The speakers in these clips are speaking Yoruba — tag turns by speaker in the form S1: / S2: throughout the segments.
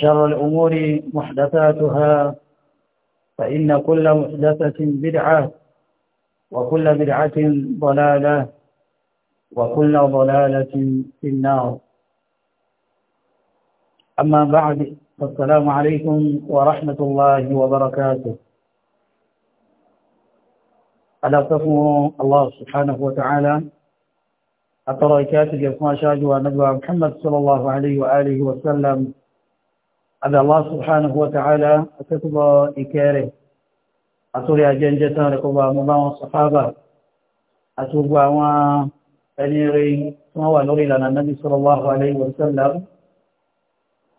S1: شر الأمور محدثاتها فإن كل محدثة بدعة وكل بدعة ضلالة وكل ضلالة في النار أما بعد فالسلام عليكم ورحمة الله وبركاته ألا تفهم الله سبحانه وتعالى أترى كاتب يفما شاجوا نبوى محمد صلى الله عليه وآله وسلم àbí Allah subhanahu wa ta'ala akẹ́kọ̀ọ́ ìkẹ́ rẹ̀ àtúrí ajẹ́jẹ́ tán rẹ̀ kọba mọ́ bá wọn sàhábà àti gbogbo àwọn ẹni rẹ̀ tí wọ́n wà lórí ìlànà Nabi sallallahu alaihi wa sallam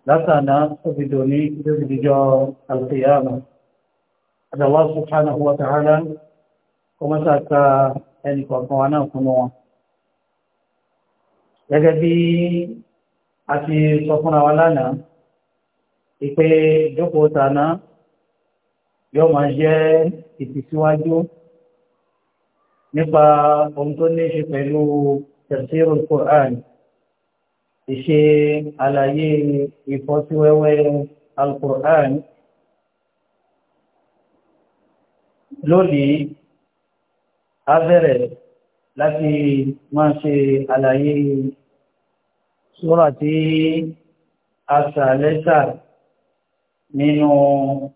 S1: látàná tó fi dòní tó fi dìjọ al-qiyamah fún wọn lánàá ìpè ìjókòó tàná yóò máa jẹ́ ìtìsíwájú nípa ohun tó ní ṣe pẹ̀lú tafsirul Qur'an ìṣe àlàyé ìfọ́síwẹ́wẹ́ al-Qur'an lónìí a bẹ̀rẹ̀ láti máa ṣe àlàyé súrà tí a ṣàlẹ́sàrẹ̀ nínú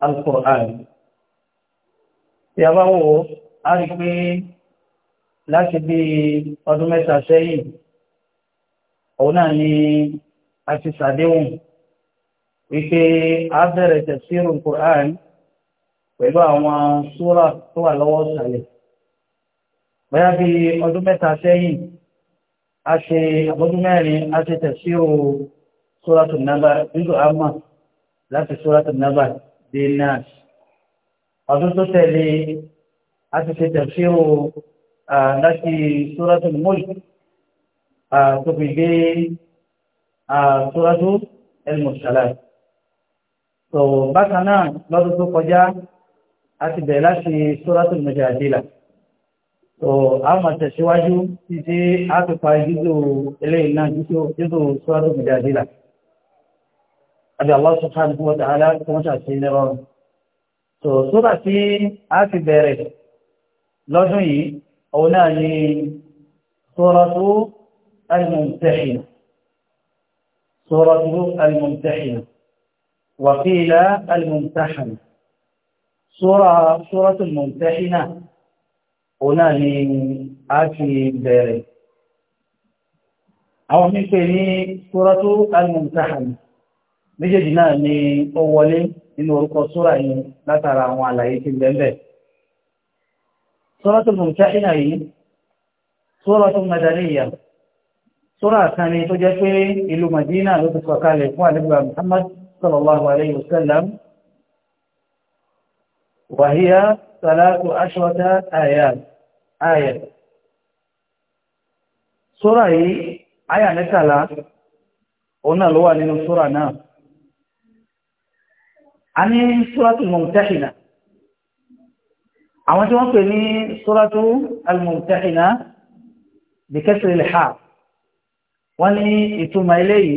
S1: Al-Qur'an tí a bá wò a rí pé láti bí ọdún mẹ́ta sẹ́yìn òun náà ni a ti sàdéhùn wípé a bẹ̀rẹ̀ tafsirul Qur'an pẹ̀lú àwọn súrà tó wà lọ́wọ́ sàlẹ̀ bóyá bí ọdún mẹ́ta sẹ́yìn a ṣe àbọ́dún a ṣe tafsiru súratu Naba nígbà àmà láti sóràtà nàbà dé nas ọdún tó tẹ̀lé a ti ṣe tẹ̀síwò láti sóràtà mulk tó fi dé sóràtà al-mursalat tó bákan náà lọ́dún tó kọjá a ti bẹ̀rẹ̀ láti sóràtà mujadila tó a máa tẹ̀síwájú títí a ti parí jíjò eléyìí náà jíjò sóràtà mujadila. أبي الله سبحانه وتعالى كما تعطي نيرون سورة في آفي بيري لو جي أو ناجي سورة الممتحنة سورة الممتحنة وقيل الممتحنة سورة سورة الممتحنة هنا لآفي بيري أو من سورة الممتحنة méjèèjì náà ni ó wọlé nínú orúkọ súrà yìí látara àwọn àlàyé tí bẹ́ẹ̀ Suratul Mumtahina yìí Suratul Madaniyya súrà kan ni tó jẹ́ pé ìlú Madina ló ti sọ̀kalẹ̀ fún àdúgbà Muhammad sallallahu alayhi wa sallam wa hiya salatu ashrata ayat ayat yìí ayà mẹ́tàlá òun náà ló wà nínú súrà náà a ní sóràtù mọ̀mùtẹ́hìnà àwọn tí wọ́n pè ní sóràtù almọ̀mùtẹ́hìnà bí kẹsìrì lè ha wọ́n ní ìtumọ̀ eléyìí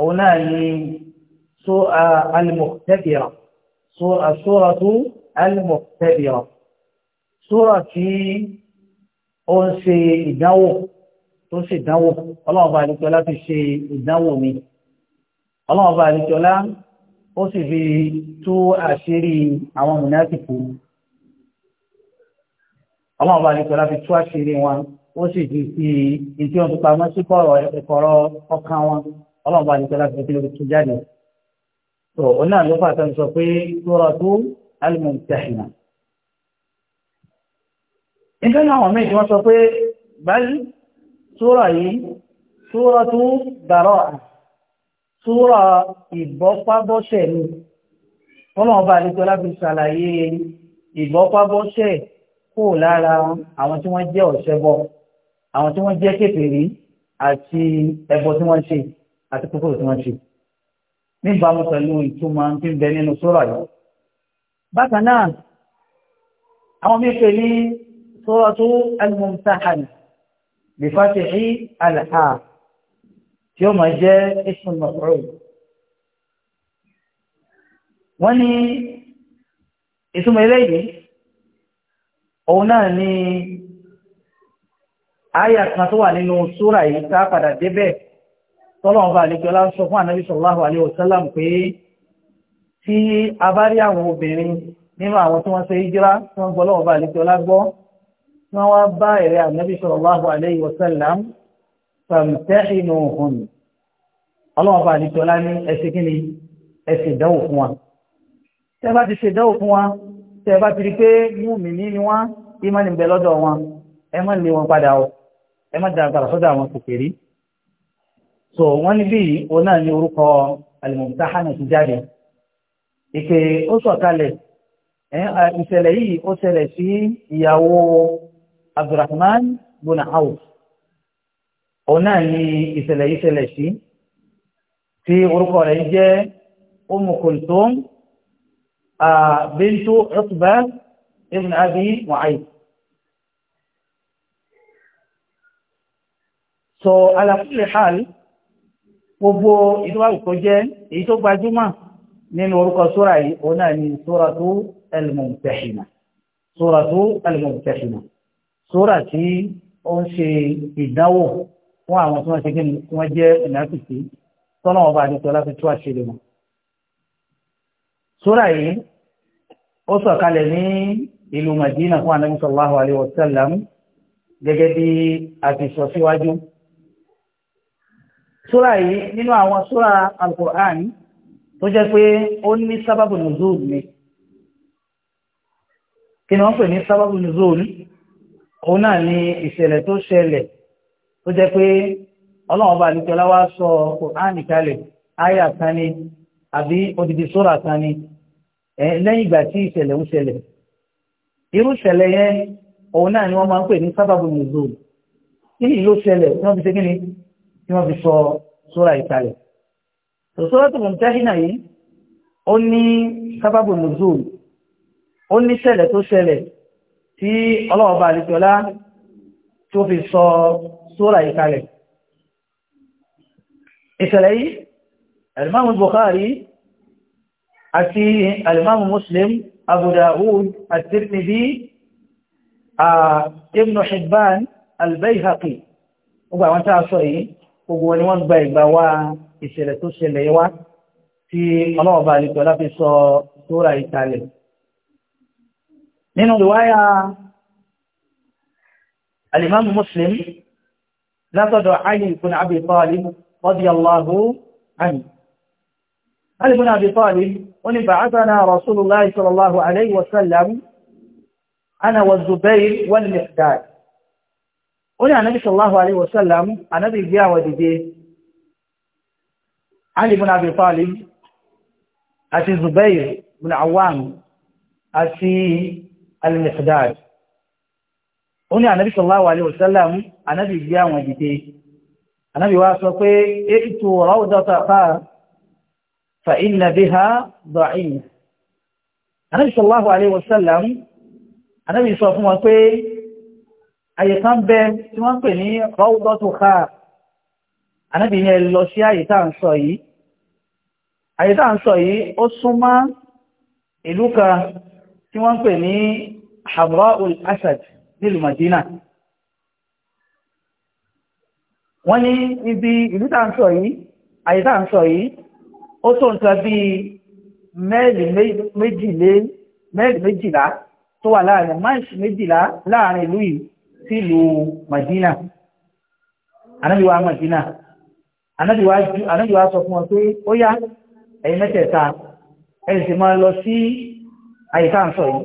S1: òun náà ní almọ̀tẹ́bìrà sóràtù almọ̀tẹ́bìrà sóra tí ó ń ṣe ìdánwò tó ṣe ìdánwò ọlọ́ọ̀bá àdìkọ́lá ti ṣe ìdánwò mi ọlọ́ọ̀bá àdìkọ́lá ó sì fi tú àṣírí àwọn mùnáfìkù ọlọ́run bá nìkan láti tú àṣírí wọn ó sì fi fi ìdí ohun tó pamọ́ sí kọ̀rọ̀ ẹ̀kọ́rọ̀ ọkàn wọn ọlọ́run bá nìkan láti fi lórí tó jáde tó òun náà ló fà sọ pé suratu al-Mumtahina. nígbà náà àwọn méjì wọ́n sọ pé bal sura yìí suratu Bara'ah súrà ìbọ́pábọ́sẹ̀ ni ọlọ́run bá àdéjọ́ láti ṣàlàyé ìbọ́pábọ́sẹ̀ kò lára àwọn tí wọ́n jẹ́ ọ̀ṣẹbọ àwọn tí wọ́n jẹ́ kèfèrí àti ẹbọ tí wọ́n ṣe àti kókòrò tí wọ́n ṣe níbàámu pẹ̀lú ìtumọ̀ tí ń bẹ nínú súrà yìí. bákan náà àwọn mi pè ní súrà tó al-Mumtahana bi fatihi al-ha tí ó máa jẹ́ ismu maf'ul wọ́n ní ìtumọ̀ eléyìí òun náà ni àyà kan tó wà nínú súrà yìí tá a padà débẹ̀ tọ́lọ́wọ́n àlejò aláṣọ fún ànábì sallallahu alaihi wasallam pé tí a bá rí àwọn obìnrin nínú àwọn tí wọ́n ṣe hijira tí wọ́n gbọ́ lọ́wọ́ bá àlejò ọlá tí wọ́n wá bá ẹ̀rẹ́ ànábì sallallahu alaihi wasallam fàmtẹ́hìnù hùn ọlọ́wọ́ bá àdìsọ láni ẹsẹ̀ kí ni ẹsẹ̀ ìdánwò fún wa tẹ́ bá ti ṣe ìdánwò fún wa tẹ́ bá ti rí pé mùmínì ni wọ́n ìmọ̀ ní bẹ̀ lọ́dọ̀ wọn ẹ má lé wọn padà o ẹ má dàgbàrà sọ́dọ̀ àwọn kòkèrè so wọ́n ní bí òun náà ní orúkọ alimọ̀mùtáhánà ti jáde ìpè ó sọ̀kalẹ̀ ìṣẹ̀lẹ̀ yìí ó ṣẹlẹ̀ sí ìyàwó Abdurrahman bona house òun náà ni ìṣẹ̀lẹ̀ yìí ṣẹlẹ̀ sí tí orúkọ rẹ̀ jẹ́ Umm Kulthum bintu Utba ibn Abi Mu'ayth. so ala kulli hal gbogbo ìdúwàwù tó jẹ́ èyí tó gbajúmọ̀ nínú orúkọ sóra yìí òun náà ni Suratu al-Mumtahina Suratu sóra tí ó ń ṣe ìdánwò fún àwọn tí wọ́n ṣe kí wọ́n jẹ́ ìnáfìsí tọ́nà ọba àdìsọ́ láti tú àṣírí wọn. sura yìí ó sọ̀kalẹ̀ ní ìlú madina fún anabi sallallahu alayhi wa sallam gẹ́gẹ́ bí a ti síwájú. sura yìí nínú àwọn sura al tó jẹ́ pé ó ní sábàbù nùzúùlù ni kí ni wọ́n pè ní sábàbù nùzúùlù òun náà ni ìṣẹ̀lẹ̀ tó ṣẹlẹ̀ o jẹ́ pé ọlọ́run ọba àdìsí wa sọ Kùránì kalẹ̀ àyà kan ni àbí odidi sóra kan ẹ lẹ́yìn ìgbà tí ìṣẹ̀lẹ̀ ń ṣẹlẹ̀ irú ìṣẹ̀lẹ̀ yẹn òun náà ni wọ́n máa ń pè ní sábàbù nùzúl kí ni ìlú ṣẹlẹ̀ tí wọ́n fi ṣe kí ni tí wọ́n fi sọ sóra ìkalẹ̀ sọ́rọ́ tó mọ̀ jáhínà yìí ó ní sábàbù nùzúl ó ní ṣẹlẹ̀ tó ṣẹlẹ̀ tí ọlọ́ọ̀bá àlejòlá tó fi sọ sóra ìkalẹ̀ ìṣẹ̀lẹ̀ yìí alimamu Bukhari àti alimamu Muslim Abu Dawud at-Tirmidhi Ibn Hibban al-Bayhaqi gbogbo àwọn tàà sọ yìí gbogbo wọn ni wọ́n gba ìgbà wá ìṣẹ̀lẹ̀ tó ṣẹlẹ̀ wá tí ọlọ́ọ̀bá àlìkọ̀ láti sọ sóra ìkalẹ̀ nínú alimamu Muslim látọ̀dọ̀ Ali ibn Abi Talib radiyallahu anhu Ali ibn Abi Talib ó ní ba'athana Rasulullah sallallahu alayhi wa sallam ana wa Zubair wal Miqdad ó ní ànábì sallallahu alayhi wa sallam ànábì gbé àwọn dìde Ali ibn ó ní ànábì sallallahu alaihi wasallam ànábì gbé àwọn ìdíje ànábì wá sọ pé ètò rawdata fa inna biha da'if ànábì sallallahu alaihi wasallam ànábì sọ fún wọn pé àyè kan bẹ tí wọ́n ń pè ní rawdatu kha ànábì ní ẹ lọ sí nílùú Madina wọ́n ní ibi ìlú tá ń sọ yìí àyè tá ń sọ yìí ó tó nǹkan bíi mẹ́ẹ̀lì méjìlé mẹ́ẹ̀lì méjìlá tó wà láàrin máìsì méjìlá láàrin ìlú yìí sí ìlú Madina anábìwá Madina anábìwá sọ fún wọn pé ó yá ẹ̀yin mẹ́tẹ̀ẹ̀ta ẹ̀yin sì máa lọ sí àyè tá ń sọ yìí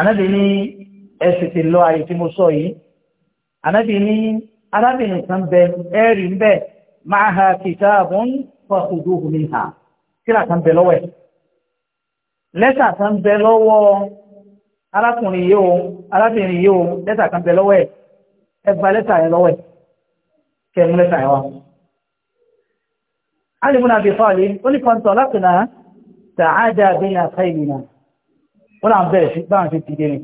S1: ànábì ní ẹsẹ̀ ti lọ àyè tí mo sọ yìí ànábì ní arábìnrin kan bẹ ẹ̀rì ń bẹ máa ha kitabun fakhudhuhu minha kíra kan bẹ lọ́wọ́ ẹ̀ lẹ́tà kan bẹ lọ́wọ́ arákùnrin yìí o arábìnrin yìí o lẹ́tà kan bẹ lọ́wọ́ ẹ̀ ẹ gba lẹ́tà yẹn lọ́wọ́ ẹ mú lẹ́tà yẹn wá. Ali ibn Abi Talib ó ní kan tọ̀ lákùnà wọ́n náà bẹ̀rẹ̀ sí báwọn ṣe dìde ni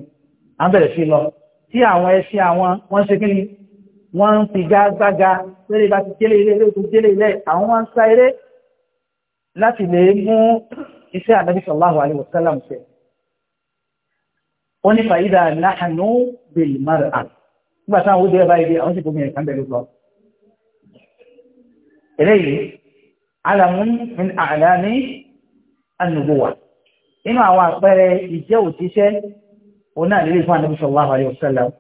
S1: à ń bẹ̀rẹ̀ sí lọ tí àwọn ẹṣin àwọn wọ́n ṣe kí ni wọ́n ń fi gágbága lórí bá ti délé ilé lórí tó délé ilé àwọn wọ́n ń sá eré láti lè mú iṣẹ́ ànábì sallallahu alaihi wasallam ṣe ó ní fàyídà nahnu bil mar'a nígbà táwọn ó dé báyìí àwọn sì gómìnà ìkàndẹ̀ ló lọ eléyìí alamun min a'lami an-nubuwah nínú àwọn àpẹẹrẹ ìjẹ́ òtíṣẹ́ òun náà lè fún Ànábì sallallahu alaihi wasallam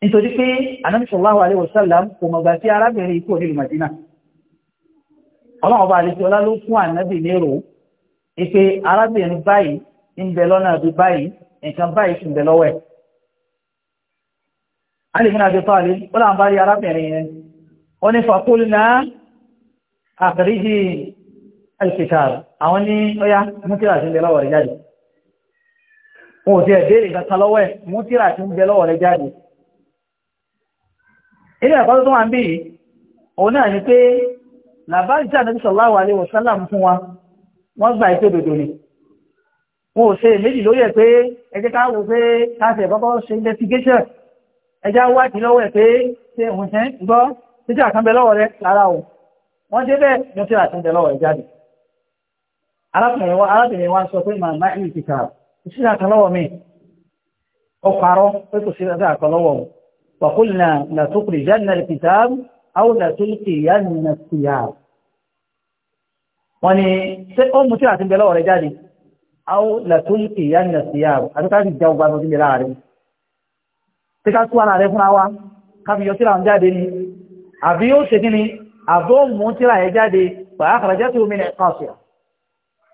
S1: nítorí pé Ànábì sallallahu alaihi wasallam kò mọ̀gbà tí arábìnrin ikú onílù Madina ọlọ́run bá àlejò ọlá ló fún Ànábì nírò ipe arábìnrin báyìí ń bẹ lọ́nà àbí báyìí nǹkan báyìí sì ń bẹ lọ́wọ́ ẹ̀ Ali bin Abi Talib ó láǹbá rí arábìnrin yẹn ó ní faqulna akhriji alkitab àwọn ní ọya mútíra tí ń bẹ lọ́wọ́ rẹ̀ jáde wọn ò tí ẹ̀ béèrè ìgbàta lọ́wọ́ ẹ̀ mútíra tí ń bẹ lọ́wọ́ rẹ̀ jáde ilé ẹ̀kọ́ tó wà ń bí òun náà ni pé làbájá nàbí sallallahu alaihi wasallam fún wa wọ́n gbà ìpé dòdò ni wọn ò ṣe méjì lórí ẹ̀ pé ẹjẹ́ ká wò pé káṣẹ̀ bọ́bọ́ ṣe investigation ẹjẹ́ wádìí lọ́wọ́ ẹ̀ pé ṣe òun ṣe ń gbọ́ títí àkànbẹ lọ́wọ́ rẹ̀ lára o wọ́n débẹ̀ ní ó tí àtúndẹ lọ́wọ́ ẹ̀ jáde arábìnrin wa sọ pé màá má ìlú kìkà kò sí àkàn lọ́wọ́ mi ó parọ́ pé kò sí àkàn lọ́wọ́ o wàkúlìnà làtúkùrì yánà kìkà áwò làtúkì yánà kìyà wọ́n ni ṣé ó mú tí àti ń bẹ lọ́wọ́ rẹ jáde áwò làtúkì yánà kìyà àti ká sì jẹ́ ọgbà tó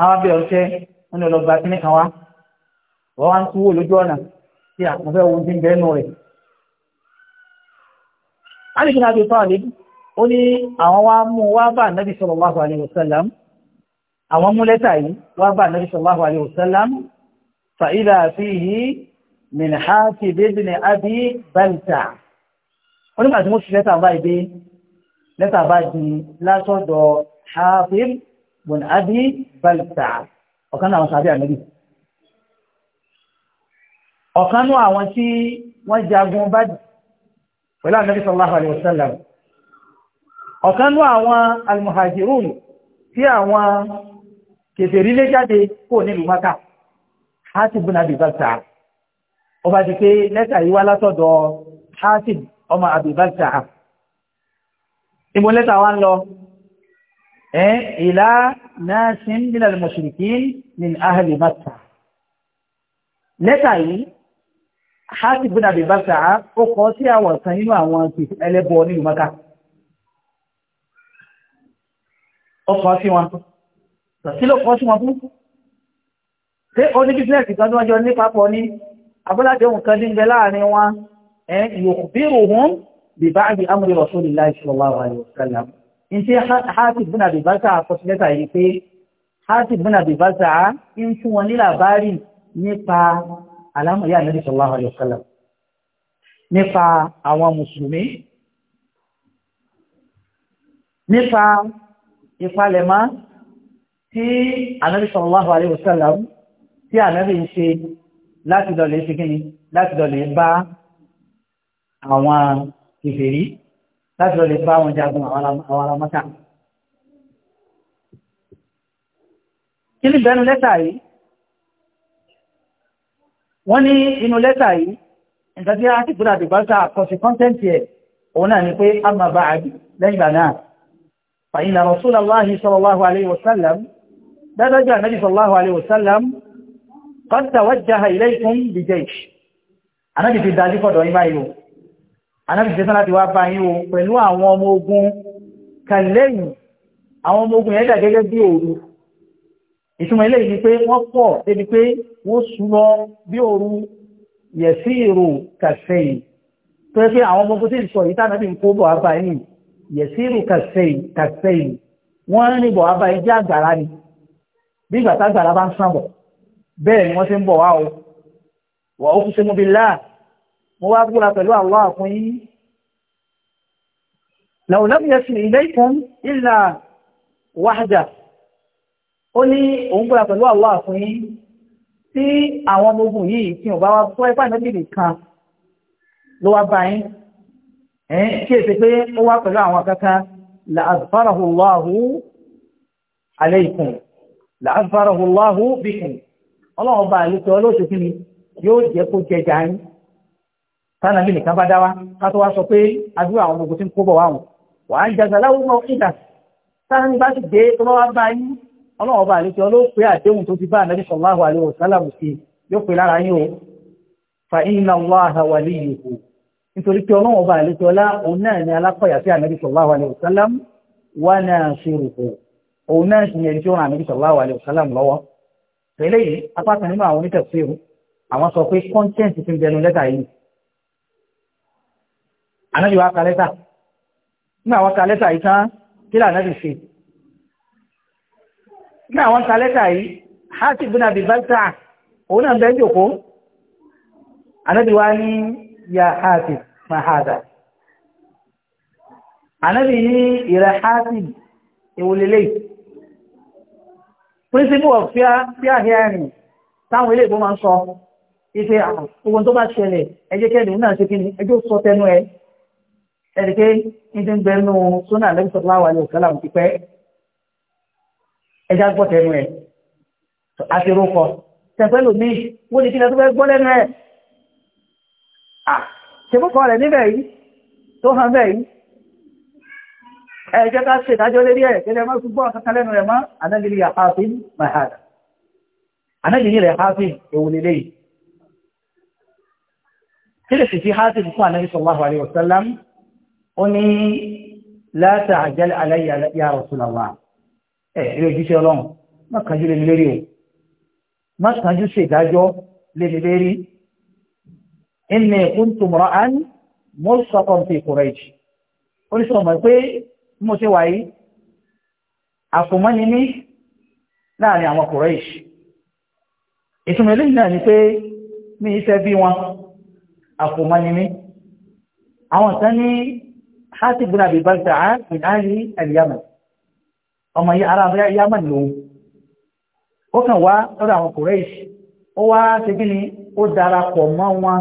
S1: àwọn abẹ́ ọ̀ṣẹ́ wọn ni ọlọ́gba kíní kan wá wọ́n wá ń kú wò lójú ọ̀nà tí àkùnfẹ́ ohun ti ń bẹ́ẹ̀ nù rẹ̀. alìkí náà ti sọ àlè ó ní àwọn wá mú wá bá nàbì sallallahu alaihi wasallam àwọn mú lẹ́tà yìí wá bá nàbì sallallahu alaihi wasallam fa idha fihi min Hatib ibn Abi Balta ó nígbà tí mo ṣe lẹ́tà báyìí lẹ́tà báyìí látọ̀dọ̀ Hatib bùn àbí balùtà ọ̀kan náà àwọn sàbí ànábì ọ̀kan náà àwọn tí wọ́n jagun bá pẹ̀lú ànábì sallallahu alaihi wasallam ọ̀kan náà àwọn almuhajirun tí àwọn kèfèrí lé jáde kò nílùú maka hátì bùn àbí balùtà ọba ti pé lẹ́tà yìí wá látọ̀dọ̀ hátì ọmọ àbí balùtà ìmọ̀lẹ́tà wa ń lọ إلى ناس من المشركين من أهل مكة lẹ́tà yìí Hatib bin Abi Balta'a ó kọ sí àwọn kan nínú àwọn ẹlẹ́bọ nínú Mẹ́kà ó kọ sí wọn sí ló kọ sí wọn fún tí ó ní bísínẹ̀sì kan níwájọ́ ní papọ̀ ní abúlájọ́ nǹkan ní ìgbẹ́ láàrin wọn ẹ̀ eh, yòkùbírù hún bìbá àbí amúrí Rasulullahi sallallahu alaihi wasallam ní ṣe Hatib bin Abi Balta'a àkọsílẹ́ta yìí pé Hatib bin Abi Balta'a ń fún wọn ní làbárì nípa alámọ̀yá Ànábì sallallahu alaihi wasallam nípa àwọn mùsùlùmí nípa ìpalẹ̀mọ́ tí Ànábì sallallahu alaihi wasallam tí Ànábì ń ṣe láti lọ lè ṣe kíni láti lọ lè bá àwọn ìfèrí láti lọ lè bá wọn jagun àwọn alamọ́ta. kí ní bẹnu lẹ́tà yìí wọ́n ní inú lẹ́tà yìí ìtàbí a ti gbọ́dọ̀ àdìgbàsá àkọsí kọ́ntẹ́ntì ẹ̀ òun náà ni pé a máa bá àbí lẹ́yìn ìgbà náà fàyínà rasúlàláhì sallallahu alaihi wasallam dádájọ́ ànábì anábìsẹ́ sọ́nà ti wá bá yín o pẹ̀lú àwọn ọmọ ogun kan àwọn ọmọ ogun yẹn dà gẹ́gẹ́ bí òru ìtumọ̀ eléyìí ni pé wọ́n pọ̀ débi pé wọ́n sùn lọ bí òru yẹ̀sí ìrò kàṣẹ́yìn tó yẹ pé àwọn ọmọ ogun tí ń sọ yìí tánà bí ń kó bọ̀ wá bá yín yẹ̀sí ìrò kàṣẹ́yìn kàṣẹ́yìn wọ́n ń bọ̀ wá bá yín jẹ́ àgbàrá ni bí ìgbà tágbàrá bá ń sàn bọ̀ bẹ́ẹ̀ ni wọ́n ti ń bọ̀ wá o wà ó fi ṣe mú bi láà mo wá búra pẹ̀lú Allah fún yí law lam yasil ilaykum illa wahda ó ní òun búra pẹ̀lú Allah fún yí tí àwọn ọmọ yìí tí ò bá wá fọ́ ipá ìnàbìrì kan ló wá bá ẹ̀yìn kí èsì pé ó wá pẹ̀lú àwọn kankan la'azfarahu Allahu alaykum la'azfarahu Allahu ni yóò jẹ́ kó tánàbí nìkan bá dá wa ká tó wá sọ pé adúrà àwọn ogun tí ń kó bọ̀ wá wọn wà á jẹ́ aláwọ̀ mọ́ ìdà tánàbí bá sì dé tó bá wá òun náà ni alákọ̀yà tí ó ràn ànábì sallallahu alaihi wasallam lọ́wọ́ tẹ́lẹ̀ yìí apá nínú àwọn onítẹ̀síwò àwọn sọ pé kọ́ńtẹ́ǹtì ti ń bẹnu lẹ́tà yìí ànábì wa ka lẹ́tà nígbà wọn ka lẹ́tà yìí tán kí là ànábì ṣe nígbà wọn ka lẹ́tà yìí hati bin abi balta òun náà bẹ́ẹ̀ jòkó ànábì wa ní ya hati ma hada ànábì ní ìrẹ̀ hati ìwòlélé principle of fair fair hearing táwọn ilé ìbò máa ń sọ ife àwọn ohun tó bá ṣẹlẹ̀ ẹjẹ́ òun náà ṣe kí ni ẹjọ́ sọ tẹnu ẹ ẹ̀ríkẹ́ ìdí ń bẹ nù sọ́nà lẹ́gbẹ̀sọ̀tà wà ní òkèlà òkè pẹ́ ẹja gbọ́ tẹnu ẹ̀ àti rúkọ tẹ̀pẹ́ lómi wọ́n ni, kí lẹ́tọ́ fẹ́ gbọ́ lẹ́nu ẹ̀ ah, ṣèkókọ̀ rẹ̀ níbẹ̀ yìí tó hàn bẹ́ẹ̀ yìí ẹ̀jẹ́ ká ṣèdájọ́ lérí ẹ̀ kẹ́lẹ́ mọ́ ṣùgbọ́ kankan lẹ́nu rẹ̀ mọ́ anájìlì àfáàfin mahada anájìlì rẹ̀ hafin ewu lélẹ́ yìí kí lè sì fi hafin fún anájìlì sallallahu alaihi wasallam ó ní la ta'jal alayya ya Rasulullah ẹ̀ ilé ojúṣe ọlọ́run má kánjú lé mi lérí o má kánjú ṣèdájọ́ lé mi lérí inni kuntu imra'an mulsaqan fi Quraysh ó ní sọ̀rọ̀ mọ̀ pé mo ṣe wáyé àfòmọ́ni ní láàrin àwọn Quraysh ìtumọ̀ eléyìí náà ni pé mi ìfẹ́ bí wọn àfòmọ́ni ní àwọn kan حاتب بن أبي بلتعان من أهل اليمن ọmọ yìí ará abúlé yaman lòun ó kàn wá lọ́dọ̀ àwọn Quraysh ó wá ṣe kí ni ó darapọ̀ mọ́ wọn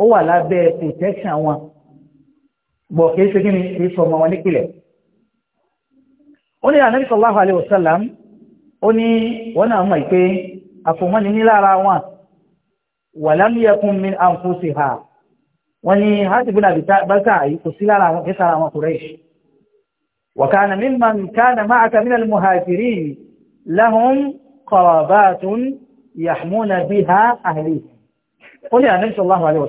S1: ó wà lábẹ́ protection wọn bọ̀ kìí ṣe kí ni kìí sọ ọmọ wọn nípìnlẹ̀ ó ní ànábì sallallahu alaihi wasallam ó ní wọn náà mọ̀ pé àfòmọ́ni ní lára wọn walam yakun min anfusiha wọ́n ní hati bin abi balta yìí kò sí lára àwọn kí sára àwọn Quraysh wa kana mimman kana ma'aka min al-muhajirin lahum qarabatun yahmuna biha ahli ó ní ànábì sallallahu alaihi àwọn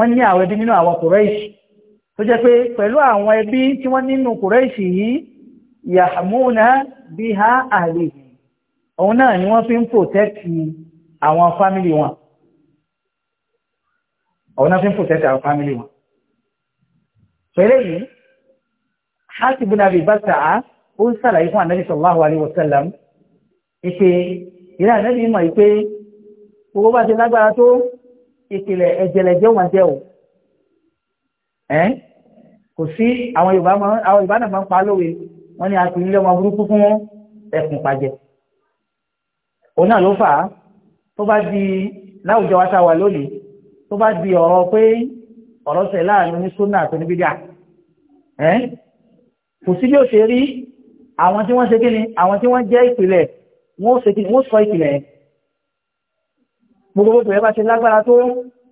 S1: ẹbí nínú àwọn Quraysh tó jẹ́ pé pẹ̀lú àwọn ẹbí tí wọ́n nínú kùrẹ́ṣì yìí yàmúnà bí ha àlè òun náà ni wọ́n fi ń pòtẹ́kì àwọn fámìlì wọn òun náà fi ń pòtẹ́kì àwọn fámìlì wọn pẹ̀lú yìí hasibu nabi bàtà ó ń sàlàyé fún anabi sallallahu alayhi wa sallam ìpè ìlànà anabi mọ̀ ìpè gbogbo bá ti lágbára tó ìpìlẹ̀ ẹ̀jẹ̀lẹ̀jẹ̀ wọn jẹ́ o kò sí àwọn yorùbá máa àwọn yorùbá náà máa ń pa lówe wọn ni a kì í lé ọmọ burúkú fún ẹkùn pàjẹ òun náà ló fà á tó bá di láwùjọ wa tá a wà lónìí tó bá di ọ̀rọ̀ pé ọ̀rọ̀ sẹ̀ láàrin oníṣúná àti oníbídà ẹ́ kò sí bí ó ṣe rí àwọn tí wọ́n ṣe kíni àwọn tí wọ́n jẹ́ ìpìlẹ̀ wọ́n ṣe kíni wọ́n sọ ìpìlẹ̀ gbogbo gbogbo ẹ bá ṣe lágbára tó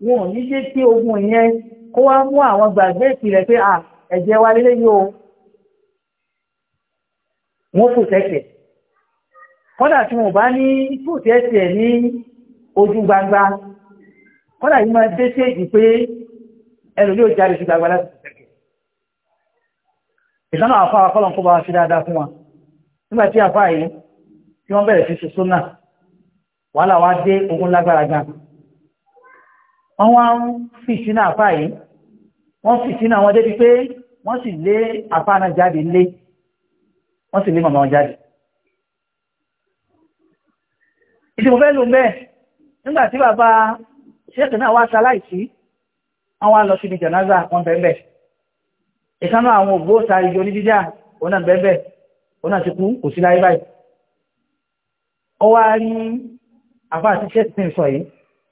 S1: wọn ò ní ṣe kí ogun ìyẹn kó wá mú àwọn gbàgbé ìpìlẹ̀ pé à ẹ̀jẹ̀ wa lélẹ́ yìí o wọ́n pòtẹ́kẹ̀ kọ́dà tí wọ́n bá ní pòtẹ́kẹ̀ ní ojú gbangba kọ́dà yìí máa dé sí èdè pé ẹnu yóò jáde sí gbangba láti pòtẹ́kẹ̀ ìtànà àfa akọ́lọ̀ kó bá wa fi dáadáa fún wa nígbà tí àfa yìí tí wọ́n bẹ̀rẹ̀ sí ṣe súnà wàhálà wa dé ogun lágbára gan wọ́n wá ń fi sínú àfa yìí wọ́n fi sínú àwọn débi pé wọ́n sì lé àfáàná jáde lé wọ́n sì lé màmá wọn jáde ìdí mo fẹ́ lò mẹ́ nígbà tí bàbá ṣẹ́ẹ̀kì náà wá ṣaláìsí wọ́n wá lọ síbi jànáza wọn bẹ̀ẹ̀bẹ̀ ìkánú àwọn ògbó ta ìjọ ní dídá òun náà bẹ̀ẹ̀bẹ̀ òun náà ti kú kò sí láyé báyìí ó wá rí àfáà tí ṣẹ́ẹ̀kì sọ yìí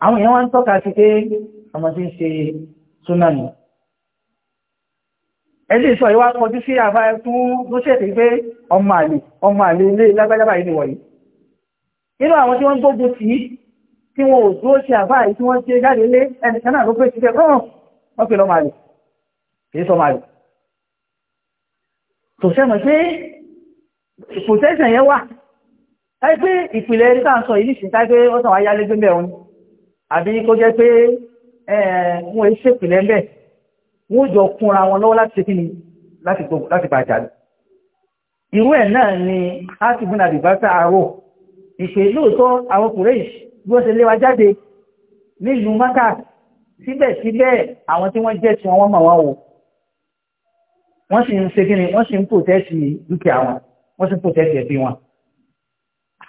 S1: àwọn èèyàn wá ń tọ́ka sí pé ọmọ tí ń ṣe súnámù ẹlé ìṣọ́ ìwá kọjú sí àfá ẹkún ló ṣẹ̀tẹ̀ pé ọmọ àlè ọmọ àlè ilé lágbàjábà yìí nìwọ̀nyí nínú àwọn tí wọ́n gbógun tí tí wọ́n ò dúró ṣe àfá yìí wọ́n ṣe jáde lé ẹnìkan ló pé ti fẹ́ràn wọ́n pè lọ́mọ àlè wọ́n jọ kúnra wọn lọ́wọ́ láti ṣe kí ni láti bá jà lọ. irú ẹ̀ náà ni a ti gbọ́n àdìbá sáàárọ̀ ìpè lóòótọ́ àwọn kùrẹ́ìṣ bí wọ́n ṣe lé wa jáde nílùú mákà síbẹ̀síbẹ̀ àwọn tí wọ́n jẹ́ tí wọ́n mọ̀ wọ́n o wọ́n sì ń ṣe kí ni wọ́n sì ń pòtẹ́sì dúkìá wọn wọ́n sì ń pòtẹ́sì ẹbí wọn.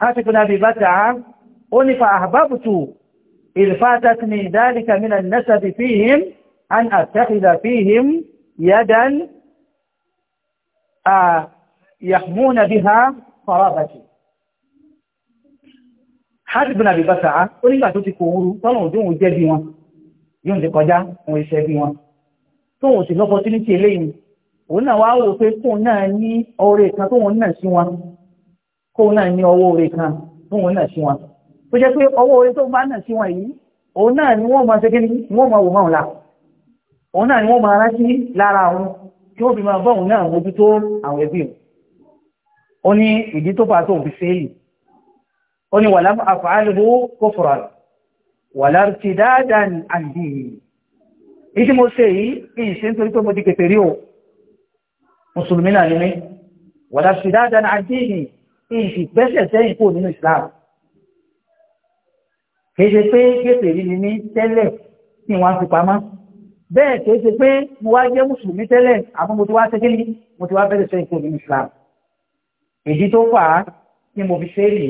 S1: a ti gbọ́n àdìbá sáàárọ̀ ó nípa àbábùtù ìrìfáàtà ti ní ìdáríkà mílíọ̀nù أن أتخذ فيهم يدا يحمون بها قرابتي حاجب بن أبي بسعة onígbà tó ti kòòrò tọ́lọ̀wọ̀n tó ń jẹ́ bí wọn yóò ti kọjá òun iṣẹ́ bí wọn tó ń sì lọ́pọ̀ tí ní ti eléyìí òun náà wá wò pé kóun náà ní ọrẹ kan tóun náà sí wọn kóun náà ní ọwọ́ ọrẹ kan tóun náà sí wọn tó jẹ́ pé ọwọ́ ọrẹ tó bá náà sí wọn yìí òun náà ni wọ́n máa ṣe kí ni wọ́n máa wò máa ń la òun náà ni wọ́n máa rántí lára òun tí ó fi máa bọ́ òun náà mójútó àwọn ẹbí òun ó ní ìdí tó bá tóun fi fẹ́ẹ̀lì ó ní wàlá àfàálùbó kó fọ̀rọ̀ rẹ̀ wàlá ti dáadáa ní àdì ìdí mo ṣe yìí kí n ṣe nítorí pé mo di kèfèrí o mùsùlùmí náà ni mí wàlá ti dáadáa ní àdì yìí kí n sì gbẹ́sẹ̀ sẹ́yìn kúrò nínú Islam kì í ṣe pé kèfèrí ni mí tẹ́lẹ̀ kí wọ́n á fi pamọ́ bẹ́ẹ̀ kìí ṣe pé mo wá jẹ́ mùsùlùmí tẹ́lẹ̀ àmọ́ mo ti wá ṣe kíni mo ti wá bẹ̀rẹ̀ sọ ìkó ní islam èyí tó fà á ni mo fi ṣe é rèé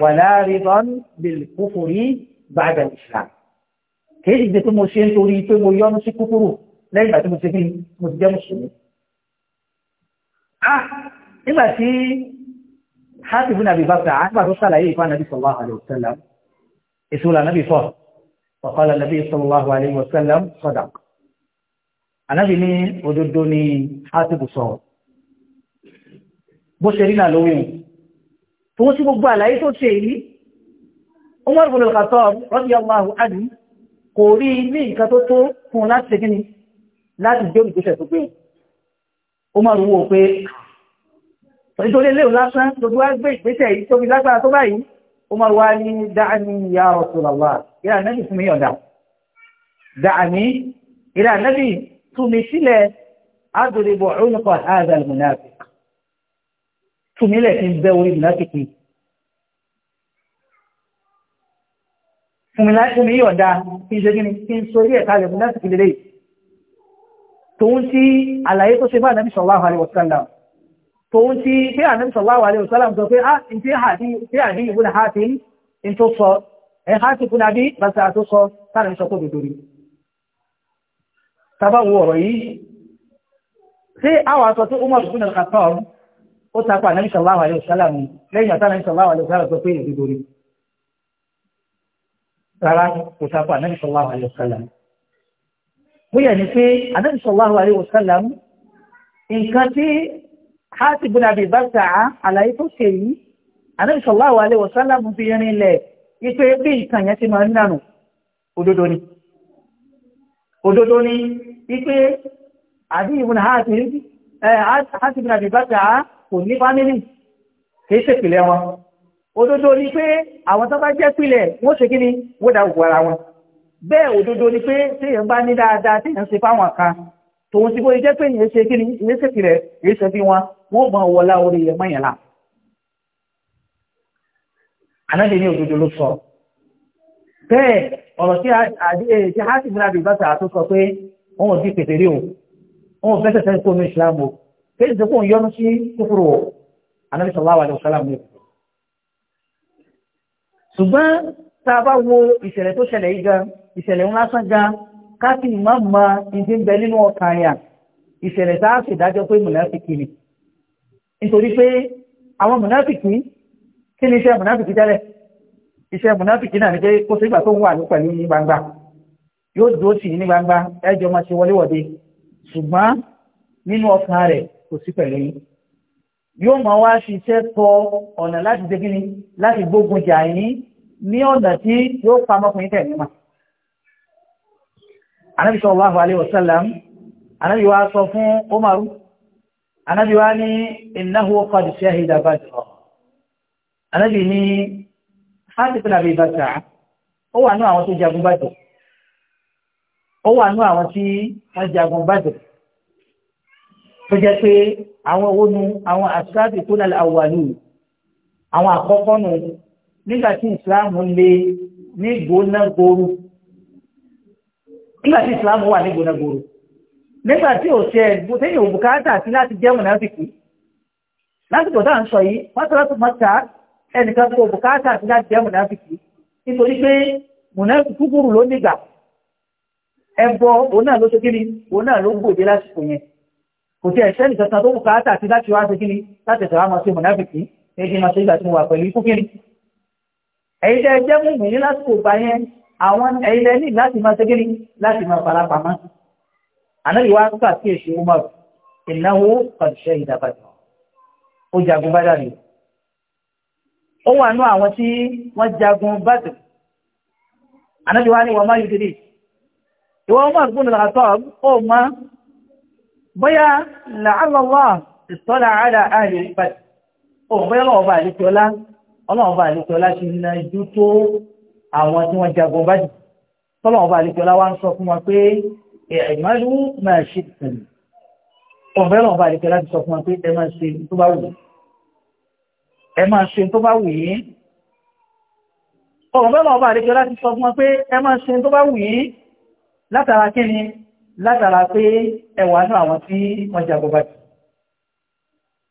S1: wà láàrin bọ́n bèèrè kúkúrú bàdà islam kìí ṣe pé mo ṣe ń torí pé mo yọ́nú sí kúkúrú lẹ́yìn ìgbà tí mo ṣe kíni mo ti jẹ́ mùsùlùmí. ah nígbà tí hati bin abi bakra nígbà tó ṣàlàyé ìfọ̀ anabi sallallahu alayhi wa sallam èso lànà bí fọ́ وقال النبي صلى الله عليه وسلم صدق ànábì ní òdodo ni átìkù sọ̀rọ̀ bó ṣe rí náà lórí tó sí gbogbo àlàyé tó ṣe yìí Umar ibn al-Khattab radiyallahu anhu kò rí ní nǹkan tó tó fún láti ṣe kíni láti gbé ìgbésẹ̀ tó pé Umar wò pé nítorí ilé lásán gbogbo wá gbé ìgbésẹ̀ yìí tóbi lágbára tó báyìí Umar wá ní da'ani ya Rasulullah ìrànlẹ́bì fún mi yọ̀dà da'ani ìrànlẹ́bì tú mi sílẹ̀ adòrìbọ̀ ònùkọ̀ àádàl mùnáfì tú mi lẹ̀ fi bẹ́ orí mùnáfì kì í. fún mi yọ̀dá kí n ṣe gíní kí n sórí ẹ̀ka rẹ̀ mùnáfì kì lélẹ́yìí tòun tí àlàyé tó ṣe bá ànàbì sallallahu alaihi wasallam tòun tí pé ànàbì sallallahu alaihi wasallam sọ pé ah in tí àdí ìbúnà tàbáwò ọ̀rọ̀ yìí sí àwọn aṣọ tó Umar ibn al-Khattab ó tapà Nabi sallallahu alaihi wasallam lẹ́yìn àtà Nabi sallallahu alaihi wasallam tó pé ìdìbò rí rárá kò tapà Nabi sallallahu alaihi wasallam bóyá ni pé Nabi sallallahu alaihi wasallam nǹkan tí Hatib ibn Abi Balta'a àlàyé tó ṣe yìí Nabi sallallahu alaihi wasallam fi yẹn nílẹ̀ ipe bí ìkànnì ti máa ń dànù òdodo ni òdodo ni wípé àbí ìwọ̀n hásìbìnà àbíbájà kò ní fámílì kìí ṣe pìlẹ̀ wọn òdodo ni pé àwọn tó bá jẹ́ pìlẹ̀ wọ́n ṣe kí ni wọ́n dá gbogbo ara wọn bẹ́ẹ̀ òdodo ni pé tí èèyàn bá ní dáadáa tí èèyàn ṣe fáwọn kan tòun ti bóyá jẹ́ pé èèyàn ṣe kí ni èèyàn ṣe pìlẹ̀ èèyàn ṣe bí wọn wọ́n mọ wọlá orí ẹ̀mọ́ yẹn lá ànáde ní òdodo ló sọ bẹ́ẹ̀ ọ̀rọ̀ tí eh, hasi bin abi bàtà tó sọ pé wọn ò di pèsèrè o wọn ò fẹsẹ̀ fẹsẹ̀ kónú islam o kéde tó kó ń yọnu sí kúkúrú o anabi sallallahu alaihi wasallam ni. ṣùgbọ́n tá a bá wo ìṣẹ̀lẹ̀ tó ṣẹlẹ̀ yìí gan ìṣẹ̀lẹ̀ ńlá sán gan káàkiri máa ma ìdí ń bẹ iṣẹ́ mùnáfíkì náà ni pé kó sígbà tó ń wà ní pẹ̀lú ní gbangba yóò dúró sí ní gbangba ẹjọ́ máa ṣe wọléwọ̀de ṣùgbọ́n nínú ọkàn rẹ̀ kò sí pẹ̀lú yín yóò máa wá ṣiṣẹ́ tọ ọ̀nà láti ṣe kíni láti gbógun jà yín ní ọ̀nà tí yóò pa ọmọkùnrin tẹ̀ níma. anábì sallallahu alaihi wasallam anábì wa sọ fún Umaru anábì wa ní innahu qad shahida anábì ní Hadi bin Abi Bakr ó wà ní àwọn tó jagun Badr ó wà ní àwọn tí wọ́n jagun Badr tó jẹ́ pé àwọn owó nu àwọn asáàbì tó lálẹ́ àwàlú àwọn àkọ́kọ́ nu nígbà tí ìsìláàmù lé ní gbóná gbòòrò nígbà tí ìsìláàmù wà ní gbóná gbòòrò nígbà tí ò ṣe ẹ̀gbọ́n tẹ́yìn òbúkátà sí láti jẹ́ mùnáfìkì lásìkò táà ń sọ yìí wọ́n sọ láti mọ́ta ẹnìkan kò bùkátà sí láti jẹ́ mùnáfìkì nítorí pé mùnáfìkì kúrú ló nígbà ẹbọ òun náà ló ṣe kíni òun náà ló gbòde lásìkò yẹn kò sí ẹ̀ṣẹ́ nìkan tó bùkátà sí láti wá ṣe kíni láti ṣe wá máa ṣe mùnáfìkì ẹgbẹ́ máa ṣe ìgbà tí mo wà pẹ̀lú ikú kíni ẹ̀yin tẹ́ jẹ́ mú mi ní lásìkò bá yẹn àwọn ẹ̀yin tẹ́ ní láti máa ṣe kíni láti máa farapamọ́ ànábì wa kà sí èṣù Umar ìnáwó kàdùṣẹ́ ìdàbàdàn ó jagun bá dàrí ó wà ní àwọn tí wọ́n jagun bàtù anájúwá ní wọ́n máa yìí dìdì ìwọ́n mọ́ ọ̀gbùn lọ́tọ́ ó má bóyá làálọ́wọ́ ìtọ́lá àádá ààrẹ bàtù ó bóyá lọ́wọ́ bá àlékiọlá ọlọ́wọ́ bá àlékiọlá ti na ijú tó àwọn tí wọ́n jagun bàtù tọ́lọ́wọ́ bá àlékiọlá wá ń sọ fún wọn pé ìmọ̀lú máa ṣe tẹ̀lé ọ̀bẹ́lọ́wọ́ bá àlékiọlá ti sọ fún wọn pé ẹ máa ṣe tó bá wù ẹ máa ṣe tó bá wù yín ọ̀rọ̀ bẹ́ẹ̀ ọba àdéjọ láti sọ fún wọn pé ẹ máa ṣe tó bá wù yín látara kí ni látara pé ẹwà náà àwọn tí wọ́n jagoba jù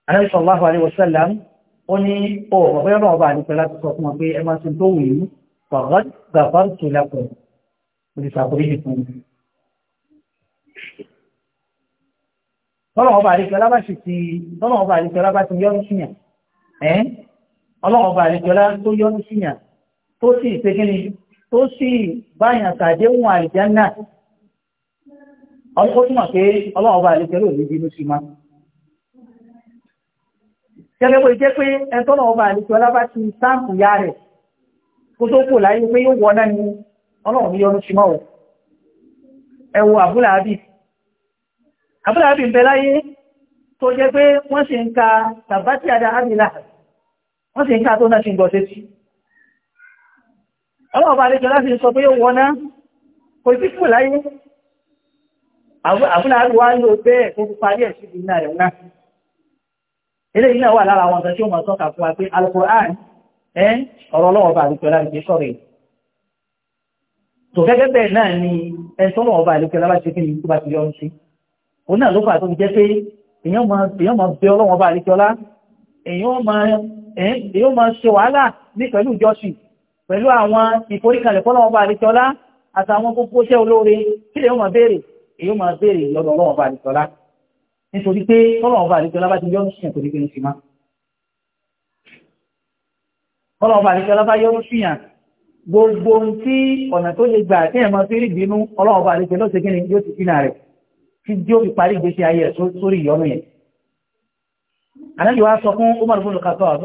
S1: Ànábì sallallahu alaihi wasallam ó ní ọ̀rọ̀ bẹ́ẹ̀ ọba àdéjọ láti sọ fún ti tọ́lọ̀ ọba àdéjọ ẹ́ alijọla ọba tó yọ́nú síyàn tó sì tó sì báyàn ṣàdéhùn àlìjánná ọdún tó túmọ̀ pé ọlọ́run ọba àlejòlá bínú sí ma. gẹ́gẹ́ bó jẹ́ pé ẹ̀tọ́ ọlọ́run bá ti sáǹpù ya rẹ̀ kó tó kò o ẹ wo àbúlà àbúlà ń bẹ láyé tó jẹ́ pé wọ́n sì ń ka tàbátì wọ́n sì ń ká tó náà ti ń gọ́sẹ́ sí ọlọ́ọ̀bá àríkẹ́ láti sọ pé ó wọná kò sí fún láyé àbúlà àríwá ló bẹ́ẹ̀ tó fi parí ẹ̀ ìdínà rẹ̀ náà ilé iná wà lára àwọn ọ̀sán tí ó mọ̀ sọ́kà fún wa pé Al-Qur'an ọ̀rọ̀ ọlọ́ọ̀bá bá àríkẹ́ ọlá èyí ó máa ṣe wàhálà ní pẹ̀lú ìjọsìn pẹ̀lú àwọn ìforíkalẹ̀ fọ́lọ́mọba àdìsọ́lá àtàwọn gbogbo iṣẹ́ olóore kí lè ó máa béèrè èyí ó máa béèrè lọ́dọ̀ ọlọ́mọba àdìsọ́lá nítorí pé fọ́lọ́mọba àdìsọ́lá bá ti yọ́nú sí ẹ̀kọ́ nígbẹ́ nísìmá fọ́lọ́mọba àdìsọ́lá bá yọ́nú sí yàn gbogbo ohun tí ọ̀nà tó lè gbà kí ẹ̀ máa fi rí bínú ọlọ́mọba àdìsọ́lá ṣe kí ni yóò ti fínà rẹ̀ tí yóò fi parí ìgbésí ayé ẹ̀ sórí ìyọnu yẹn àdájọ́ wa sọ fún Umar ibn Khattab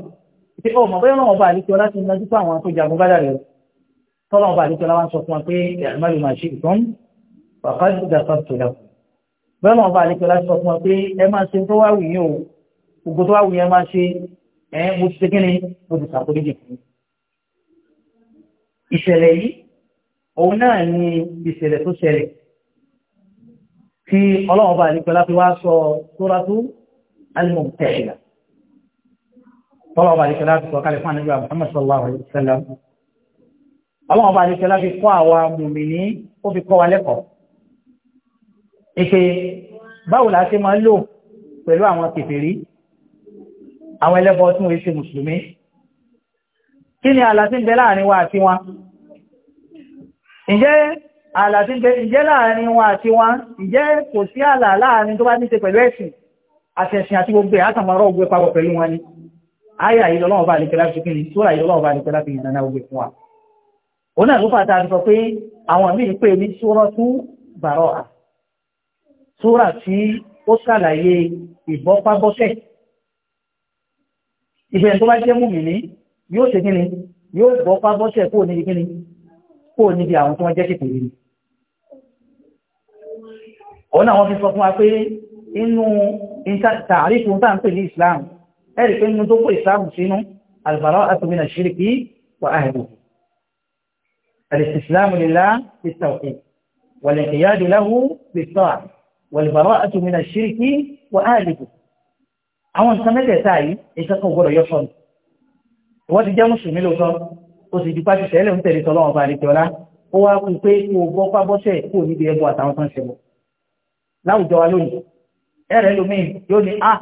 S1: pé ọmọ bẹ́ẹ̀ náà ọba àdìsọ láti nájú pé àwọn tó jagun bá dàrẹ́ tọ́lá ọba àdìsọ láwọn sọ fún wa pé ẹ̀rọmọ́lù máa ṣe ìtọ́n bàbá ìdàkọ́ tó lọ bẹ́ẹ̀ náà ọba àdìsọ láti sọ fún wa pé ẹ máa ṣe tó wá wù yín o gbogbo tó wá wù yín ẹ máa ṣe ẹ mo ti ṣe kí ni mo ti ṣàkóríjì fún ìṣẹ̀lẹ̀ yìí òun náà ni ìṣẹ̀lẹ̀ tó ṣẹlẹ̀ tí ọlọ́run ọba àdìsọ láti wá sọ Suratu al-Mumtahina tọ́lọ̀ ọba àdìkẹ́lá fi sọ̀kalẹ̀ fún àníbà Muhammad sallallahu alayhi wa sallam ọlọ́run ọba àdìkẹ́lá fi kọ́ àwa mùmìnì ó fi kọ́ wa lẹ́kọ̀ọ́ ìṣe báwo la ṣe máa lò pẹ̀lú àwọn kèfèrí àwọn ẹlẹ́bọ tí wọ́n ṣe mùsùlùmí kí ni ààlà tí ń bẹ láàrin wa àti wọn ǹjẹ́ ààlà ń bẹ láàrin wa àti wọn ǹjẹ́ kò sí ààlà láàrin tó bá ní àyà yìí lọ́wọ́ bá àlekẹ́lá fi kí ni sóra yìí lọ́wọ́ bá àlekẹ́lá fi yànnà ogun fún wa òun náà ló fà tá a sọ pé àwọn míì pè ní sóra tún bàrọ̀ à sóra tí ó ṣàlàyé ìbọ́pábọ́sẹ̀ ìṣẹ̀lẹ̀ tó bá jẹ́ mùmínì yóò ṣe kí ni yóò bọ́pábọ́sẹ̀ kó níbi kí ni kó níbi àwọn tó wọ́n jẹ́ kékeré ni òun náà wọ́n fi sọ fún wa pé inú tààrífù tá à ń pè ní Islam ẹ̀rí pé nínú tó kó ìsáàmù sínú al-bara'atu min ash-shirki wa ahlihi al-istislamu lillahi bit-tawhid wal-inqiyadu lahu bit-ta'ah wal-bara'atu min ash-shirki wa ahlihi àwọn nǹkan mẹ́tẹ̀ẹ̀ta yìí ìkẹ́kọ̀ọ́ gbọ́dọ̀ yọ sọ́nù wọ́n ti jẹ́ mùsùlùmí lóòótọ́ ó sì di pàṣẹ sẹ́lẹ̀ ń tẹ̀lé tọ́lọ́wọ́n bá àdìtẹ́ ọlá ó wá kú pé kó bọ́ pábọ́sẹ̀ kó níbi ẹbọ àtàwọn kan ṣe láwùjọ wa lónìí ẹ̀rẹ́ lómìn yóò ní a ah,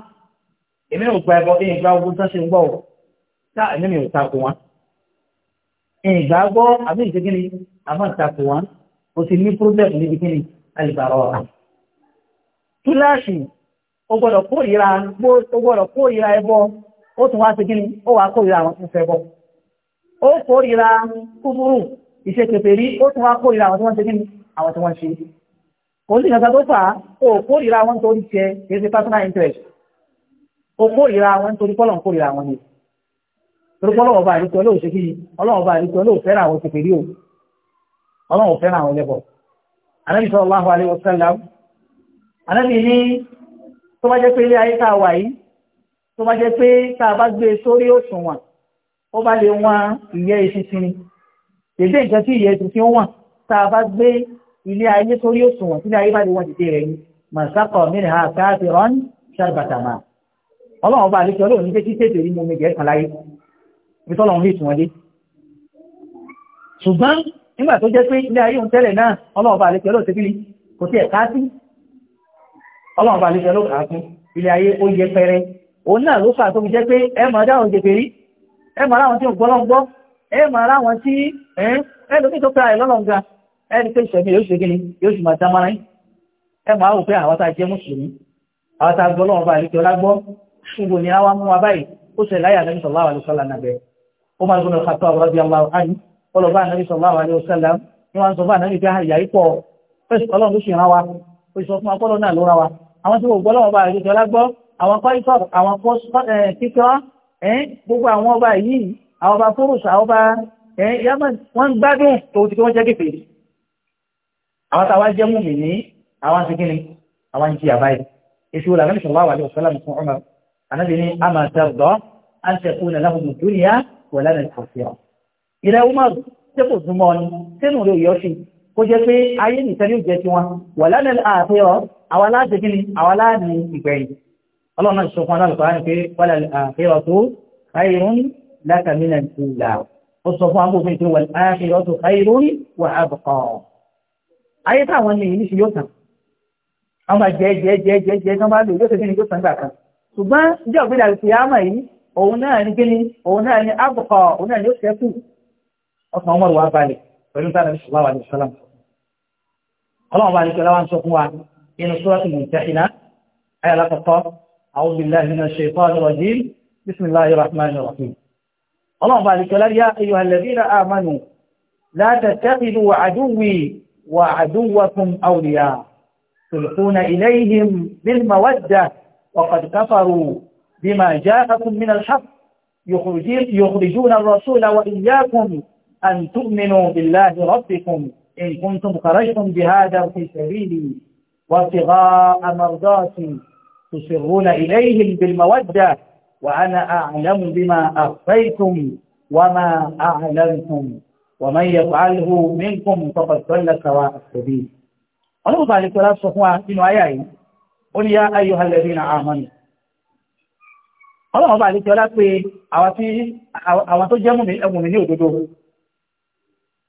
S1: èmi ò gba ẹbọ èyí gba ogun tó ṣe ń gbọ́ ò tá ẹ̀mí mi ò takò wọn èyí gbà gbọ́ àbí ìṣègìní àmọ́ ìtakò wọn o ti ní problem níbi kíni alìbàrọ̀ ọ̀rọ̀ kíláàsì o gbọ́dọ̀ kórìíra o gbọ́dọ̀ kórìíra ẹbọ ó tún wá ṣègìní ó wá kórìíra àwọn tó fẹ́ bọ́ ó kórìíra kúburú ìṣe kèfèrí ó tún wá kórìíra àwọn tó wọ́n ṣègìní àwọn tó wọ́n ṣe kò sí ìgbàgbọ́ fà á o kórìíra wọn tó ń ṣe kì í ṣe personal interest ó kórìíra wọn nítorí pọ́lọ̀ ń kórìíra wọn ni torí pọ́lọ̀ ọba àdìsọ lóò ṣe kí ọlọ́wọ́ ọba àdìsọ lóò fẹ́ràn àwọn ti pèrí o ọlọ́wọ́ fẹ́ràn àwọn lẹ́bọ̀ anábì sallallahu alaihi wasallam anábì ní tó bá jẹ́ pé ilé ayé tá a wà yìí tó bá jẹ́ pé tá a bá gbé e sórí òṣùwọ̀n ó bá lè wọn ìyẹ́ eṣinṣin ni dèdè nǹkan tí ìyẹ́ eṣinṣin ó wọ̀n tá a bá gbé ilé ayé sórí òṣùwọ̀n tí ayé bá lè wọn dìde rẹ̀ ni màsákọ̀ mìíràn àti rán ṣàgbàtàmà ọlọ́run bá àlékẹ́ ọlọ́run jẹ́ kí tètè rí mọ́mí gẹ̀ẹ́kan láyé ibi tọ́lọ́run lè tún wọlé ṣùgbọ́n nígbà tó jẹ́ pé ilé ayé òun tẹ́lẹ̀ náà ọlọ́run bá àlékẹ́ ọlọ́run tẹ́bílì kò sí ẹ̀ká sí ọlọ́run bá àlékẹ́ ọlọ́run kà á fún ilé ayé ó yẹ pẹrẹ òun náà ló fà tó fi jẹ́ pé ẹ mọ̀ dáhùn jẹ́ pèrí ẹ mọ̀ láwọn tí ò gbọ́lọ́ gbọ́ ẹ mọ̀ láwọn tí ẹlòmí tó kára ìlọ́lọ́ ga ẹni pé ìṣẹ̀mí yóò ṣe gíní yóò ṣùgbọ́n dámọ́rin ẹ mọ̀ àwọn òpin àwọn tá a jẹ́ mùsùlùmí àwọn tá a gbọ́ lọ́wọ́ bá àlékẹ́ ọlá gbọ́ ìbò ni a wá mú wa báyìí ó ṣe láyà nàbí sallallahu alaihi wasallam nàbẹ ó máa gbọ́dọ̀ fàtọ àwọn ọ̀rọ̀ bí ọlá ọhánì ọlọba nàbí sallallahu alaihi wasallam ni wọn sọ fún ànábì pé àyà ipò fẹsí Ọlọ́run ló sì rán wa ó sọ fún akọlọ náà ló rán wa àwọn tí wọn gbọ́ lọ́wọ́ bá rẹ jọlá gbọ́ àwọn kọ ikọ àwọn kọ kíkọ gbogbo àwọn ọba yìí àwọn ọba fúrùs àwọn ni àwọn ń jí àbáyé èsì wo làwọn ìṣòwò àwọn àlè ànábì ní àmà tẹ́gbọ́ à ń tẹ̀kú ní aláhùnmù dúnìyà wà lánà ìfọ̀síọ̀. ìrẹ́ umar tí kò súnmọ́ ni sínú rẹ̀ yọ sí kó jẹ́ pé ayé nìkan yóò jẹ́ sí wọn wà lánà àfihàn àwọn aláàtẹ̀kí ni àwọn aláàní ìgbẹ̀yìn ọlọ́run náà sọ fún aláàlùkọ́rán pé wà lánà àfihàn tó ayérún lákàmínà ìlà ó sọ fún agbófin tó wà láàfihàn tó ayérún wà àbùkọ́ ayé táwọn ní ìlú sí yóò tàn àwọn jẹ́ jẹ́ jẹ́ jẹ́ jẹ́ tán bá lò yóò tẹ́ ṣùgbọ́n ìjọ ìgbéra ìfìyàmà yìí òun náà ní kíni òun náà ní àbùkọ òun náà ní ó ṣẹ́kù ọkàn ọmọ ìwà balẹ̀ pẹ̀lú tánà ní ṣùgbọ́n wà ní sọ́lá ọlọ́run bá ní kí ọlọ́wà ń sọ fún wa inú suratul Mumtahina ayé alákọ̀ọ́kọ́ a'udhu billahi minash shaitanir rajim bismillahir rahmanir rahim ọlọ́run bá ní kí ọlọ́run yá ayyuhal ladhina amanu la tattakhidhu aduwwi wa aduwwakum awliya tulquna ilayhim bil mawaddah وقد كفروا بما جاءكم من الحق يخرجون الرسول وإياكم أن تؤمنوا بالله ربكم إن كنتم خرجتم بهذا في سبيلي وابتغاء مرضاتي تسرون إليهم بالمودة وأنا أعلم بما أخفيتم وما أعلنتم ومن يفعله منكم فقد ضل سواء السبيل. الله تعالى sọ fún wa nínú ayá yìí ó ní yá alẹ́bí na àmọ́nì ọlọ́run bá lè tí ọlá pé àwọn tó jẹ́ mùmí ní òdodo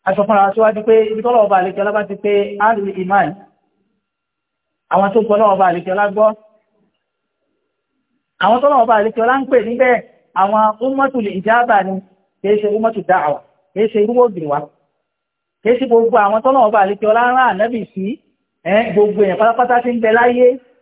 S1: aṣọ fúnra pé ibi tọ́lọ́run bá lè tí ọlá bá ti pé áàrùn imán àwọn tó gbọ́lọ́run bá lè tí ọlá ń pè níbẹ̀ àwọn ummatul ijaba gbogbo àwọn bá tí ọlá rán sí gbogbo èèyàn pátápátá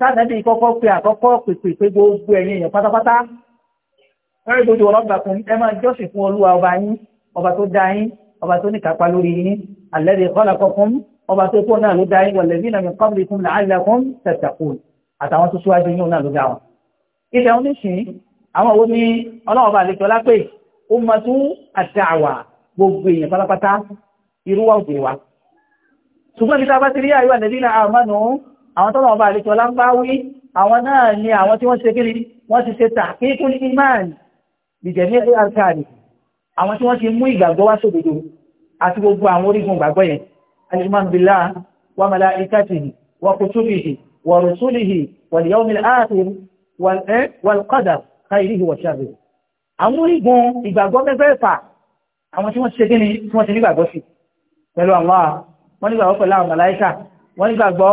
S1: sáàdẹ́bí kọ́kọ́ pé àkọ́kọ́ pèpè pé gbogbo ẹ̀yin èèyàn pátápátá wọ́n gbogbo ọlọ́gbà fún ẹ máa jọ́sìn fún olúwa ọba yín ọba tó dá yín ọba tó ní kápá lórí yín alladhi khalaqakum ọba tó kó náà ló dá yín walladhina min qablikum la'allakum tattaqun àtàwọn tó síwájú yín náà ló dá wọn. ilẹ̀ wọn níṣìn àwọn wo ni ọlọ́wọ́ àwọn tọ́lọ̀ ọba àlejò ọlá ń bá wí àwọn náà ni àwọn tí wọ́n ṣe kiri wọ́n ti ṣe tàkíkún imán bìjẹ̀mí alkaali àwọn tí wọ́n ti mú ìgbàgbọ́ wá sódodo àti gbogbo àwọn orígun ìgbàgbọ́ yẹn alimán bílá wa malaikatihi wa kutubihi wa rusulihi wal yawmil akhir wal qadar khayrihi wa sharrihi àwọn orígun ìgbàgbọ́ mẹ́fẹ̀ẹ̀fà àwọn tí wọ́n ti ṣe kiri tí wọ́n ti nígbàgbọ́ pẹ̀lú àwọn wọ́n wọ́n nígbàgbọ́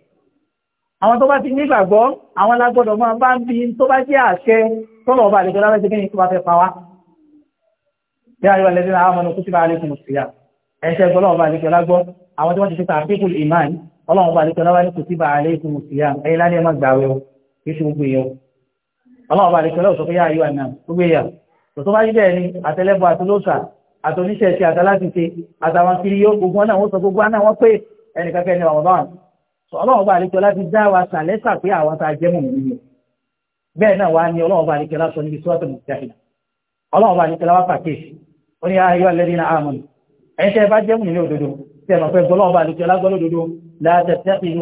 S1: àwọn tó bá ti nígbàgbọ́ àwọn lágbọ́dọ̀ máa bá ń bí tó bá jẹ́ àṣẹ tọ́lọ̀ ọba àlejò lábẹ́ jẹ́gẹ́ tó bá fẹ́ pa wá bí a yíwa lẹ́dínlá àwọn ọmọ kútìbà alékùn òsìyà ẹ̀ṣẹ́ tọ́lọ̀ ọba àlejò lágbọ́ àwọn tí wọ́n ti fi tàbíkùl iman ọlọ́run ọba àlejò lábẹ́ ní kútìbà alékùn òsìyà ẹ̀yìn láni ẹ̀ má gbàwẹ̀ o kì í ṣe gbogbo èèyàn ọlọ́run ọba àlejò lọ́wọ́ sọ pé yá yíwa náà bá yí bẹ́ẹ̀ ọlọ́run bá àlejò láti dá wa sàlẹ́sà pé àwọn tá a jẹ́ mọ̀mọ́ nínú bẹ́ẹ̀ náà wá ní ọlọ́run bá àlejò láti sọ níbi sọ́ọ̀tù mùsùlùmí ọlọ́run bá àlejò láti pàkíyèsí ó ní ayé wa lẹ́ni náà àmọ́ ẹ̀yin tẹ́ ẹ bá jẹ́ mọ̀mọ́ nínú òdodo tẹ́ ẹ mọ̀ pé ọlọ́run bá àlejò láti gbọ́dọ̀ òdodo látẹ̀tẹ̀tìlú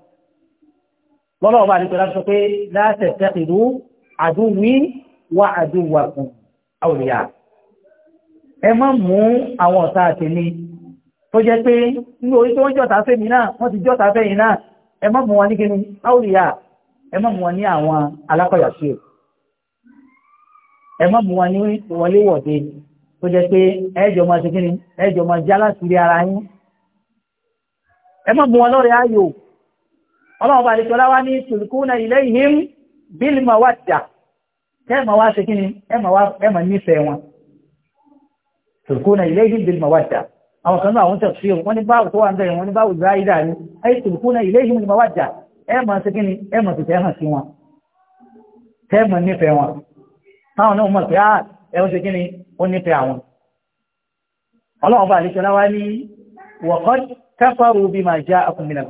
S1: lọ́lọ́ ọba àdìpẹ́ láti sọ pé láti ẹ̀tẹ́kìlú àdúwí wà àdúwàkùn àwòrìyà ẹ má mú àwọn ọ̀tá àtẹ̀mí tó jẹ́ pé ní orí tó ń jọ́ta fẹ́mi náà wọ́n ti jọ́ta fẹ́yìn náà ẹ má mú wọn ní kíni àwòrìyà ẹ má mú wọn ní àwọn alákọ̀yà sí o ẹ má mú wọn ní wọléwọ̀de tó jẹ́ pé ẹjọ́ máa ṣe kíni ẹjọ́ máa jálá sílé ara yín ẹ má mú wọn lọ́rẹ̀ẹ́ ayò ọlọ́run bá àlejò láwá ní tulquna ilayhim bil mawadda kẹ́ẹ̀mà wá ṣe kíni ẹ̀mà nífẹ̀ẹ́ wọn tulquna ilayhim bil mawadda àwọn kan náà àwọn tẹ̀ sí wọn ní báwù tó wà ń bẹ̀rẹ̀ wọn ní báwù záyídà ni ayé tulquna ilayhim bil mawadda ẹ̀mà ṣe kíni ẹ̀mà tìtẹ̀ hàn sí wọn kẹ́ẹ̀mà nífẹ̀ẹ́ wọn táwọn náà mọ̀ pé á ah, ẹ̀wọ́n ṣe kíni ó nífẹ̀ẹ́ àwọn ọlọ́run bá àlejò láwá ní waqad kafaru bima ja'akum min al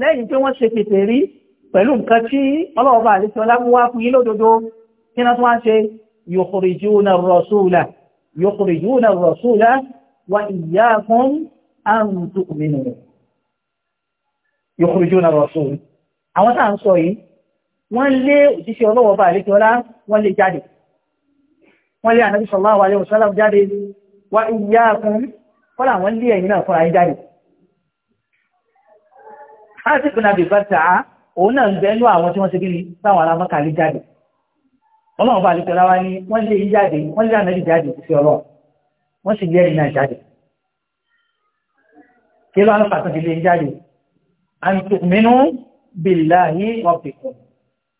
S1: lẹ́yìn tí wọ́n ṣe pètè rí pẹ̀lú nǹkan tí ọlọ́ọ̀bá àlejò ọlámúwá fún yí lódodo kí wọ́n tún wá ṣe yukhrijuna ar-rasula yukhrijuna ar-rasula wa iyyakum an tu'minu yukhrijuna ar-rasul àwọn tá à ń sọ yìí wọ́n lé òjíṣẹ́ ọlọ́ọ̀bá àlejò ọlá wọ́n lé jáde wọ́n Hasib bin Abi Balta'a òun náà ń bẹ́nu àwọn tí wọ́n ṣe gírí táwọn ará mọ́kà lè jáde ọlọ́run bá àlejò láwa ní wọ́n lé yín jáde wọ́n lé ànábì jáde sí ọlọ́run wọ́n sì lé ẹ̀yìn náà jáde kí ló ń fàtàn ilé yín jáde àtùmínú billahi rabbikum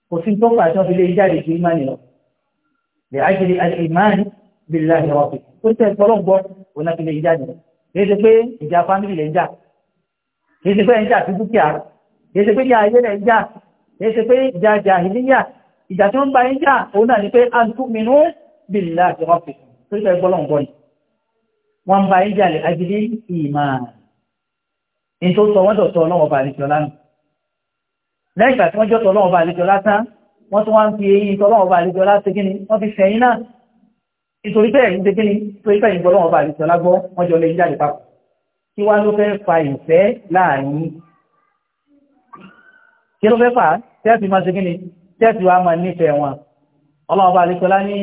S1: kò sí tó fà wọ́n fi lé jáde sí ìmánì lọ lè ágìrì al-iman billahi rabbikum kó tẹ̀ ọlọ́run kìí ṣe pé ẹ̀ ń jà sí dúkìá kìí ṣe pé ìyá ayé rẹ̀ ń jà kìí ṣe pé ìjà jàhílíyà ìjà tí ó ń bá ń jà òun náà ni pé a ń tún mi nú bìlá àti ọ̀fẹ́ tó ṣe gbọ́lọ̀ ń bọ̀ ni wọ́n ń bá ń jà lè ajílé ìmọ̀ ní tó sọ wọ́n dọ̀tọ̀ ọlọ́wọ́ bá àlejò lánàá lẹ́yìn ìgbà tí wọ́n jọ́tọ̀ ọlọ́wọ́ bá àlejò lásán wọ́n tún wá ń fi eyín tọ́lọ́wọ́ bá àlejò lásán kíni wọ́n fi fẹ̀yìn náà nítorí bẹ́ẹ̀ ń ṣe kíni torí bẹ́ẹ̀ ń gbọ́lọ́wọ́ bá àlejò lágbọ́ wọ́n jọ lè ń jáde papọ̀ kí wá ló fẹ́ fa ìfẹ́ láàrin kí ló fẹ́ fà tẹ́ẹ̀tì máa ṣe gíní tẹ́ẹ̀tì wá máa nífẹ̀ẹ́ wọn ọlọ́run bá alẹ́kọ́lá ní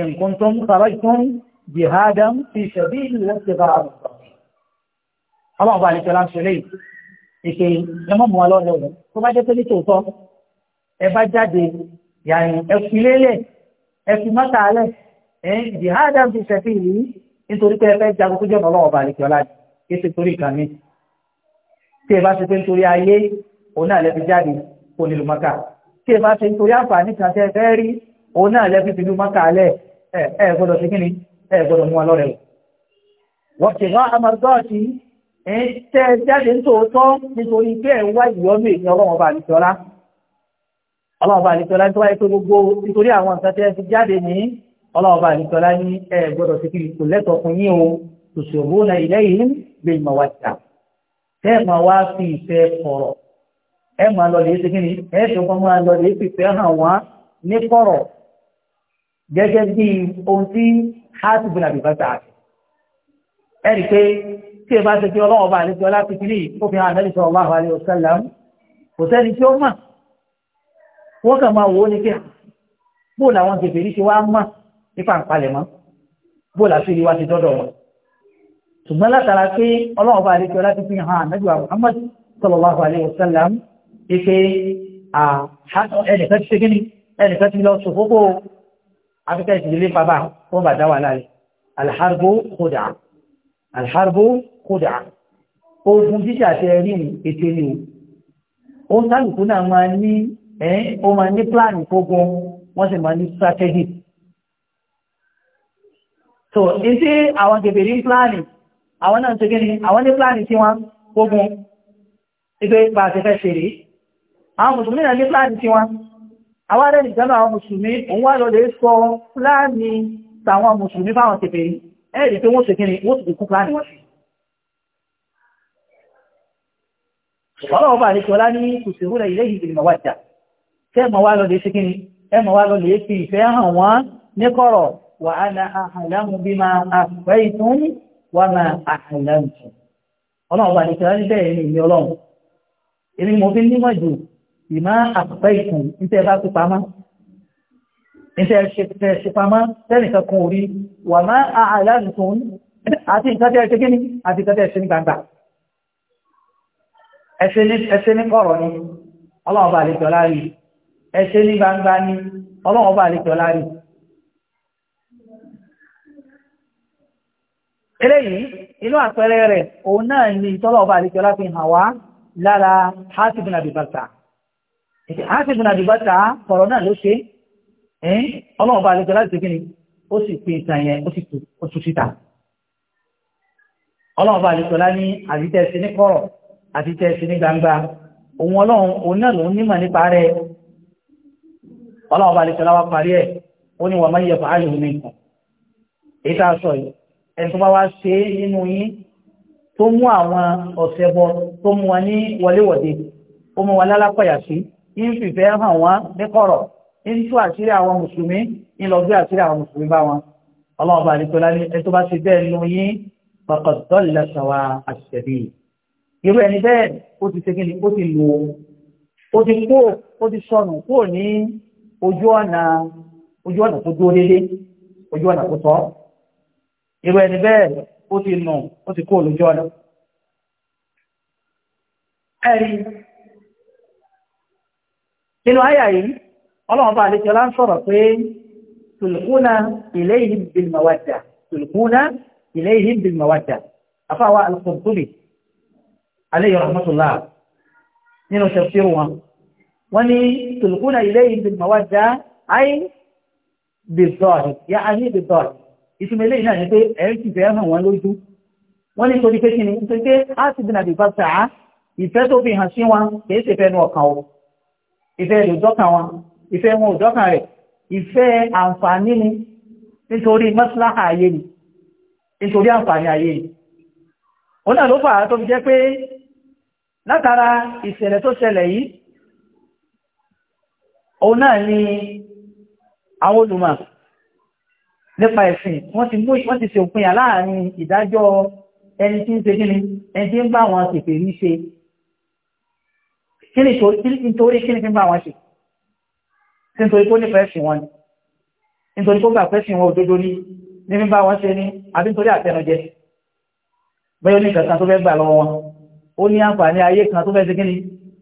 S1: in kuntum kharajtum jihadan fi sabili wabtighaa'a àbùkù ọlọ́run bá alẹ́kọ́lá ń ṣe lẹ́yìn ìpè ẹmọ́ mọ́ ọlọ́run lọ́wọ́ tó bá jẹ́ pé nítòótọ́ ẹ bá jáde yàrin ẹ fi lélẹ̀ ẹ fi mọ́ta alẹ́ ẹ̀ eh, jihadan fi sabili nítorí pé ẹ fẹ́ jagun tó jẹ́ ọlọ́run bá alẹ́kọ́lá kéṣe torí nǹkan mi tí ẹ bá ṣe pé nítorí ayé òun náà lẹ́fi jáde kó nílùú mọ́kà tí ẹ bá ṣe nítorí àǹfààní kan tẹ́ fẹ́ rí òun náà lẹ́fi fi lú mọ́kà alẹ́ ẹ ẹ gbọ́dọ̀ ṣe kíni ẹ gbọ́dọ̀ mú wọn lọ́rẹ̀ wọ́n ti rán amọ̀dọ́ọ̀tì ẹ̀ tẹ́ jáde nítòótọ́ nítorí pé ẹ̀ wá ìyọ́nú èyí ọlọ́run ọba àdìsọ́lá ọlọ́ọ̀bá àlìsọ́lá nítorí àwọn tòṣòwòlà ilayhim bil mawadda tẹ́ ẹ̀ máa wá fi ìfẹ́ kọ̀rọ̀ ẹ máa lọ lè ṣe kí ni ẹ ṣùgbọ́n máa lọ lè fìfẹ́ hàn wá ní kọ̀rọ̀ gẹ́gẹ́ bí ohun tí hásì bùnà bìbá ta àti ẹ rí pé tí ẹ bá ṣe kí ọlọ́wọ́ bá àlejò ọlá pípín yìí ó fi hàn ṣùgbọ́n látara pé ọlọ́run bá àdékẹ́ láti fi hàn ànájúwà Muhammad sallallahu alayhi wa sallam ike ẹnìkan ti ṣe gíní ẹnìkan ti lọ ṣòfófó afẹ́kẹ́ ìṣìlẹ̀ bàbá wọn bàdá wà láàrin alharbo kódà alharbo kódà ogun jíjà tẹ rí ètò ni o ó sálùkú náà máa ní ẹ́ pláàni fógun wọ́n sì máa ní strategy so ní tí àwọn gẹ̀gẹ̀rí pláàni àwọn náà ṣe gẹ́ni àwọn ní pláàni tí wọ́n gbógun ìgbé bá ti fẹ́ ṣe rí àwọn mùsùlùmí náà ní pláàni tí wọ́n àwọn arẹ́ nìjọba àwọn mùsùlùmí òun wá lọ́lẹ̀ sọ pláàni tàwọn mùsùlùmí fáwọn tèfè ẹ̀rì pé wọ́n ṣe gẹ́ni wọ́n ti kú pláàni wọ́n sí ọlọ́ọ̀bà àlejò ọlá ní kùsìrúlẹ̀ ilé ìgbìmọ̀ mawadda kẹ́ mọ̀ wá lọ́lẹ̀ ṣe gẹ́ni ẹ mọ̀ wá lọ́lẹ̀ fi ìfẹ́ hàn wọ́n ní kọ̀rọ̀ wà á na àhàlámù bí máa àfẹ́ ìtún wọ́n máa àhàlẹ́ǹtì ọlọ́run bá nìkan ní bẹ́ẹ̀ ni ìní ọlọ́run èmi mo fi nímọ̀ jù ìmọ̀ àpẹ́ ìkùn níta bá fi pamọ́ níta ẹ ṣe pamọ́ tẹ́nìkan kan orí wà máa àhàlẹ́ǹtì àti nǹkan tẹ́ ẹ ṣe kí ni àti nǹkan tẹ́ ẹ ṣe ní gbangba ẹ ṣe ní kọ̀rọ̀ ni ọlọ́run bá nìkan láàrin ẹ ṣe ní gbangba ni ọlọ́run bá nìkan láàrin eléyìí inú àpẹẹrẹ rẹ̀ òun náà ni ìtọ́lọ̀ ọba àríkẹ́ láti hàn wá lára hasibun abibata hasibun abibata sọ̀rọ̀ náà ló ṣe ọlọ́run ọba àríkẹ́ láti kíni ó sì pe ìtàn yẹn ó sì tú síta ọlọ́run ọba àríkẹ́ lá ní sí ní kọ̀rọ̀ àbítẹ́ ní gbangba ẹni tó bá wá ṣe é nínú yín tó mú àwọn ọ̀sẹ̀ bọ tó mú wọn ní wọléwọ̀de ó mú wọn lálápàyà sí ń fìfẹ́ hàn wọ́n níkọ̀rọ̀ ń tú àṣírí àwọn mùsùlùmí ń lọ gbé àṣírí àwọn mùsùlùmí bá wọn ọlọ́run bá àdìsọ lálẹ́ ẹni tó bá ṣe bẹ́ẹ̀ nínú yín pàkàtọ́ lẹ́sàwà àṣẹ̀bí irú ẹni bẹ́ẹ̀ ó ti ṣe kí ni ó ti lò ó ti kó ó ti sọnù kúrò ní ojú ọ̀nà ojú ọ̀nà tó dúró irú ẹni bẹ́ẹ̀ ó ti nù ó ti kó olójú ọ̀nà ẹ̀rí nínú àyà yìí ọlọ́run bá àlejò ọlá ń sọ̀rọ̀ pé tùlùkúnà ilayhim bil mawadda tùlùkúnà ilayhim bil mawadda afáwa al-Qurtubi alayhi rahmatullah ìtumẹ̀lẹ́ ìnáà ni pé ẹ̀rí ti fẹ́ hàn wọ́n lójú wọ́n ní torí pé kí ni nítorí pé á ti dín àbí bàtà á ìfẹ́ tó fi hàn sí wọn kìí ṣe fẹ́nu ọkàn o ìfẹ́ rẹ̀ òjọ́kan wọn ìfẹ́ wọn òjọ́kan rẹ̀ ìfẹ́ àǹfààní ni nítorí mọ́síláhà ayé ni nítorí àǹfààní ayé ni òun náà ló fà á tó fi jẹ́ pé látara ìṣẹ̀lẹ̀ tó ṣẹlẹ̀ yìí òun náà ni àwọn olùmọ̀ nípa ẹ̀sìn wọ́n ti mú wọ́n ti ṣe òpin yà láàrin ìdájọ́ ẹni tí ń ṣe kíni ẹni tí ń bá wọn ṣèpè rí ṣe kíni nítorí kíni tí ń bá wọn ṣe nítorí tó nípa ẹ̀sìn wọn nítorí tó gbà pẹ́sìn wọn òdodo ní ní fi bá wọn ṣe ní àbí nítorí àtẹnujẹ bẹ́ẹ̀ ní kankan tó fẹ́ gbà lọ́wọ́ wọn ó ní àǹfààní ayé kan tó fẹ́ ṣe kíni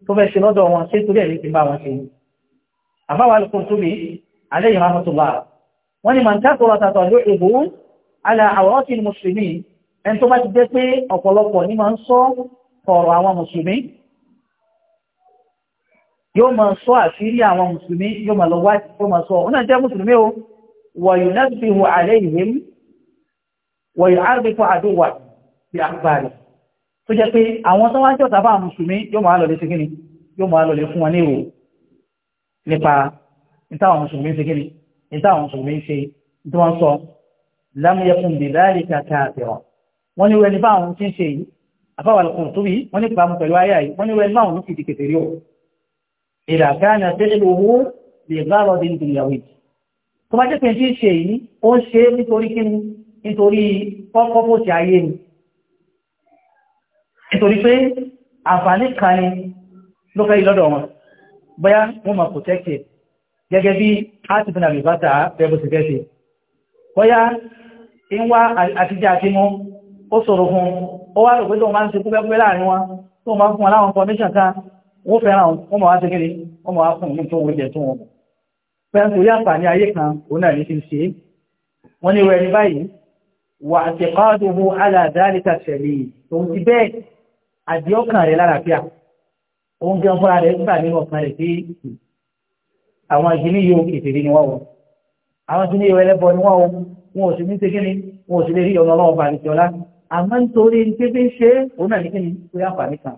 S1: tó fẹ́ ṣe lọ́dọ̀ wọn ṣé torí ẹ̀rí ti bá wọn ṣe ní àbáwá lóko tóbi alẹ́ yìí rahmatullah wọ́n ni màá kásọ̀rọ̀ tàtọ̀ ló èbó alẹ́ àwòrán ti mùsùlùmí ẹni tó bá ti jẹ́ pé ọ̀pọ̀lọpọ̀ ni máa ń sọ ọ̀rọ̀ àwọn mùsùlùmí yóò máa sọ àṣírí àwọn mùsùlùmí yóò máa lọ wájú yóò máa sọ ọ náà jẹ́ mùsùlùmí o wọ̀yù náà fi hù àlẹ́ ìwé mú wọ̀yù àrùbíkọ àdúwà bí àgbàrẹ̀ tó jẹ́ pé àwọn tó wá jọ tàbá mùsùlùmí yóò máa lọlé síkíní yóò máa lọlé fún wọn ní ìwò nípa ìtàwọn mùsùlùmí síkíní ní táwọn mùsùlùmí ń ṣe tí wọ́n sọ lámúyẹkùn bìláàlì kàkà àtẹ̀wọ̀ wọ́n ní wẹ́n ní báwọn ti ń ṣe yìí àbáwọ̀lù kùn tóbi wọ́n ní pàmò pẹ̀lú ayé yìí wọ́n ní wẹ́n báwọn ló fi di kẹfẹ́ rí o ìdàkánà tẹ́lẹ̀ owó lè bá lọ di ìdìyàwó tó bá jẹ́ pé ń ṣe yìí ó ń ṣe nítorí kí nítorí kọ́kọ́ bó ti ayé ni nítorí pé àǹfààní kan ni ló fẹ́ lọ́dọ̀ wọn bóyá wọ́n máa protect it gẹ́gẹ́ bí átìfin àbìbátà bẹ́bù ti gẹ́ṣe bọ́yá ń wá àtijá àti mú ó sọ̀rọ̀ fún ó wá rògbé tó máa ń ṣe púpẹ́púpẹ́ láàrin wọn tó máa fún wọn láwọn information kan wọ́n fẹ́ràn wọ́n máa ṣe kiri wọ́n máa fún ní tó wọ́n jẹ tó wọ́n ní òun jẹun fúnra rẹ̀ nígbà nínú ọ̀kan rẹ̀ pé àwọn ìdílé yóò ìtìrí ni wọ́n wọ àwọn ìdílé yóò ẹlẹ́bọ ni wọ́n wọ wọn ò sì ní ṣe kíni wọn ò sì lè rí ọ̀nà ọlọ́wọ́ bá àlejò ọlá àmọ́ nítorí ní pé ṣe òun náà ní kíni ó yá fàmí kan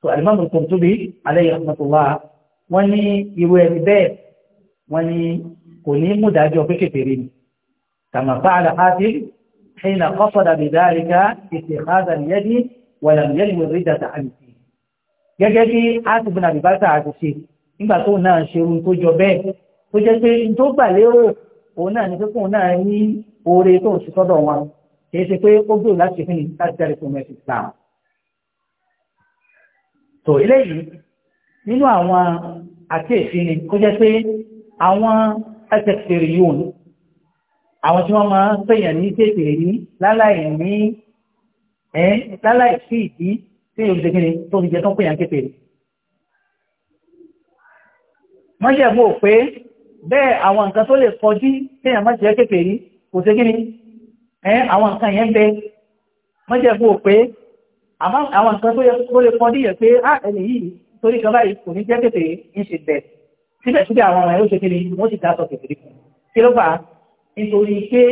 S1: tó alimami Qurtubi alayhi rahmatullah wọ́n ní irú ẹni bẹ́ẹ̀ wọ́n ní kò ní mú dájọ́ pé kékeré ni kama fa'ala qatil hina qasada bidhalika istikhadha al-yadi nígbà tó náà ṣe ohun tó jọ bẹ́ẹ̀ tó jẹ́ pé n tó gbà lérò òun náà ni pé náà ní oore tó ń ṣe wọn kìí ṣe pé ó gbèrò láti fún ni láti jáde fún mẹ́sì islam. tó eléyìí nínú àwọn àkíyèsí ni kó jẹ́ pé àwọn ẹsẹ̀kìtìrì yóò ní àwọn tí wọ́n máa ń pèèyàn ní kéèkèrè ní láláì ní ẹ́ láláì sí ìdí tí èyí ṣe kí ni tó fi jẹ́ tó ń pèèyàn kéèkèrè mọ́ṣẹ̀ mú ò pé bẹ́ẹ̀ àwọn nǹkan tó lè kọjú téèyàn má jẹ́ kékeré rí kò sí kíni ẹ àwọn nǹkan yẹn ń bẹ mọ́ṣẹ̀ mú ò pé àwọn nǹkan tó lè kọjú yẹ pé á ẹni yìí torí kan báyìí kò ní jẹ́ kékeré ń ṣe bẹ̀ síbẹ̀síbẹ̀ àwọn ọmọ ẹ̀ ó ṣe kíni wọ́n sì dá sọ kékeré kan kí ló fà á nítorí pé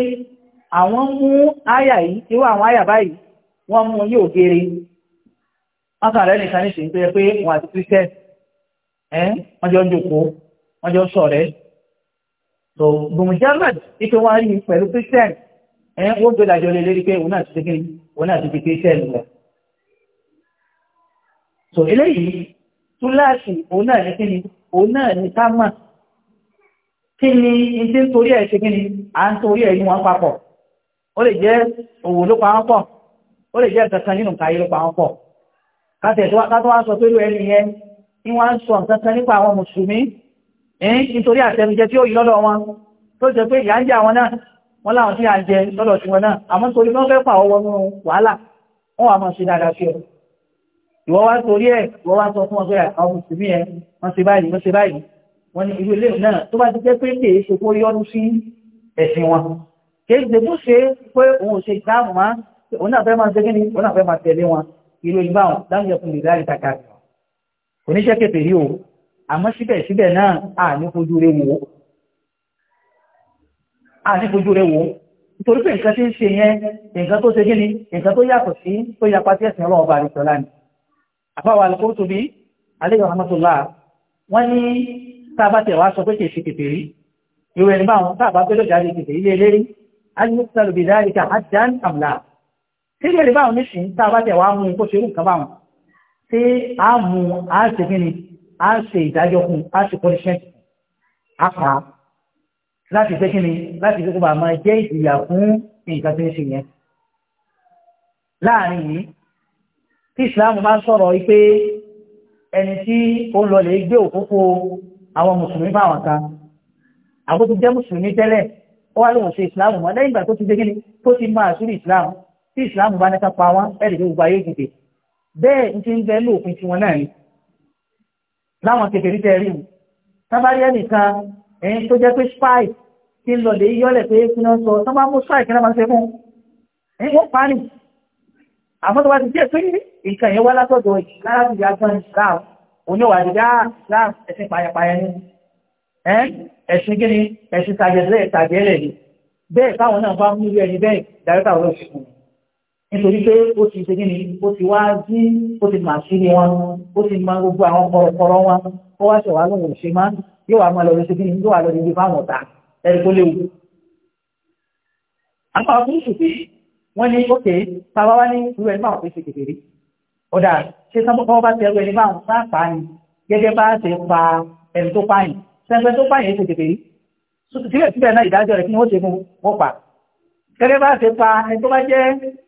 S1: àwọn mú àyà yìí irú àwọn àyà báyìí wọ́n mú yóò gere wọ́n kàn rẹ́ nìkan níṣìí ẹ́ wọ́n jọ ń jòkó wọ́n jọ ṣọ̀rẹ́ so bùnmùjámẹ́d ike wọ́n rí pẹ̀lú christian ẹ́ wọ́n gbé dàjọ́ lé lérí pé òun náà ti ṣe kíni òun náà ti fi christian lọ. so eléyìí túláàsì òun náà ní kíni òun náà ní ká mà kí ni ìdí torí ẹ̀ ṣe kíni à ń torí ẹ̀ ní wọn papọ̀ ó lè jẹ́ òwò ló pa wọn pọ̀ ó lè jẹ́ ìtẹ̀kan nínú kàyé ló pa wọn pọ̀ kátẹ̀ wá sọ pé ló ẹni yẹn ìwọ̀n ń sọ nǹkan nípa àwọn mùsùlùmí ẹ̀yìn nítorí àtẹnujẹ tí ó yí lọ́dọ̀ wọn tó jẹ pé ìyà àwọn náà wọ́n láwọn tí a jẹ lọ́dọ̀ tí wọn náà àmọ́ torí wọ́n fẹ́ pa ọwọ́ wàhálà wọ́n wà máa ṣe dáadáa sí ọ ìwọ wá torí ẹ̀ ìwọ wá sọ fún ọ àwọn mùsùlùmí ẹ wọ́n ṣe báyìí wọ́n ṣe báyìí wọ́n ní irú ilé náà tó bá ti jẹ́ pé kì í ṣe kó yọnu sí ẹ̀sìn wọn kì í ṣe pé òun ò ṣe ìdáàmú mọ́ náà fẹ́ máa ṣe kí ni òun náà fẹ́ máa tẹ̀lé wọn irú ìgbà wọn yẹ fún ìdáàrí takàrí oníṣẹ́ kẹfẹ́ rí o àmọ́ síbẹ̀síbẹ̀ náà a ní fojú rẹ̀ wò a ní fojú rẹ̀ wò nítorí pé nǹkan tí ń ṣe yẹn nǹkan tó ṣe gíní nǹkan tó yàtọ̀ sí tó yapa sí ẹ̀sìn ọlọ́ọ̀bà àríṣọ́lá ni àbáwà Al-Qurtubi alayhi rahmatullah wọ́n ní tábà tẹ̀wá sọ pé kèsì kèfèé rí ìwé tí a mú a ṣe kí ni a ṣe ìdájọ́ fún a ṣe punishment apá láti ṣe kí ni láti ṣe kó bàá máa jẹ́ ìjìyà fún nǹkan tí ń ṣe yẹn láàrin yìí tí ìsìláàmù máa ń sọ̀rọ̀ wípé ẹni tí ó lọ lè gbé òfófó àwọn mùsùlùmí fáwọn kan àwọn tó jẹ́ mùsùlùmí tẹ́lẹ̀ ó wá lóun ṣe ìsìláàmù mọ́ lẹ́yìn ìgbà tó ti dé kí ni tó ti máa sórí ìsìláàmù tí ìsìláàmù bá ní bẹ́ẹ̀ ń ti ń bẹ lóòfin tí wọn náà ni láwọn kékeré tẹ rí mu tábàrí ẹnìkan ẹ̀yìn tó jẹ́ pé spike ti ń lọlẹ̀ yọ́lẹ̀ pé kí wọ́n sọ tó bá mú spike náà máa ṣe fún ẹ̀yìn wọ́n pa ní àmọ́ tó bá ti jẹ́ pé nǹkan yẹn wá látọ̀dọ̀ lára ti yá gan láà oníwàdí láà ẹ̀sìn payapaya ni ẹ̀sìn kí ni ẹ̀sìn tàjẹ̀lẹ̀ tàjẹ̀lẹ̀ ni bẹ́ẹ̀ káwọn náà bá mú ilé ẹni bẹ́ẹ̀ dáríkà ọlọ́sùn nítorí pé ó ti ṣe gíní ó ti wá jí ó ti mà sí ni wọn ó ti mọ gbogbo àwọn kọ̀rọ̀kọ̀rọ̀ wọn ó wá ṣe wá lóhùn ṣe má yóò wá máa lọ ṣe gíní yóò wá lọ ṣe fáwọn ọ̀tá ẹni tó léwu. àpá ọkùnrin ṣùgbọ́n wọ́n ní ókè táwa wá ní irú ẹni báwọn fi ṣe kékeré ọ̀dà ṣé sábọ́n bá ti ẹrú ẹni báwọn bá pa ni gẹ́gẹ́ bá ṣe pa ẹni tó pààyàn sẹ́ńpẹ́ tó pààyàn ṣe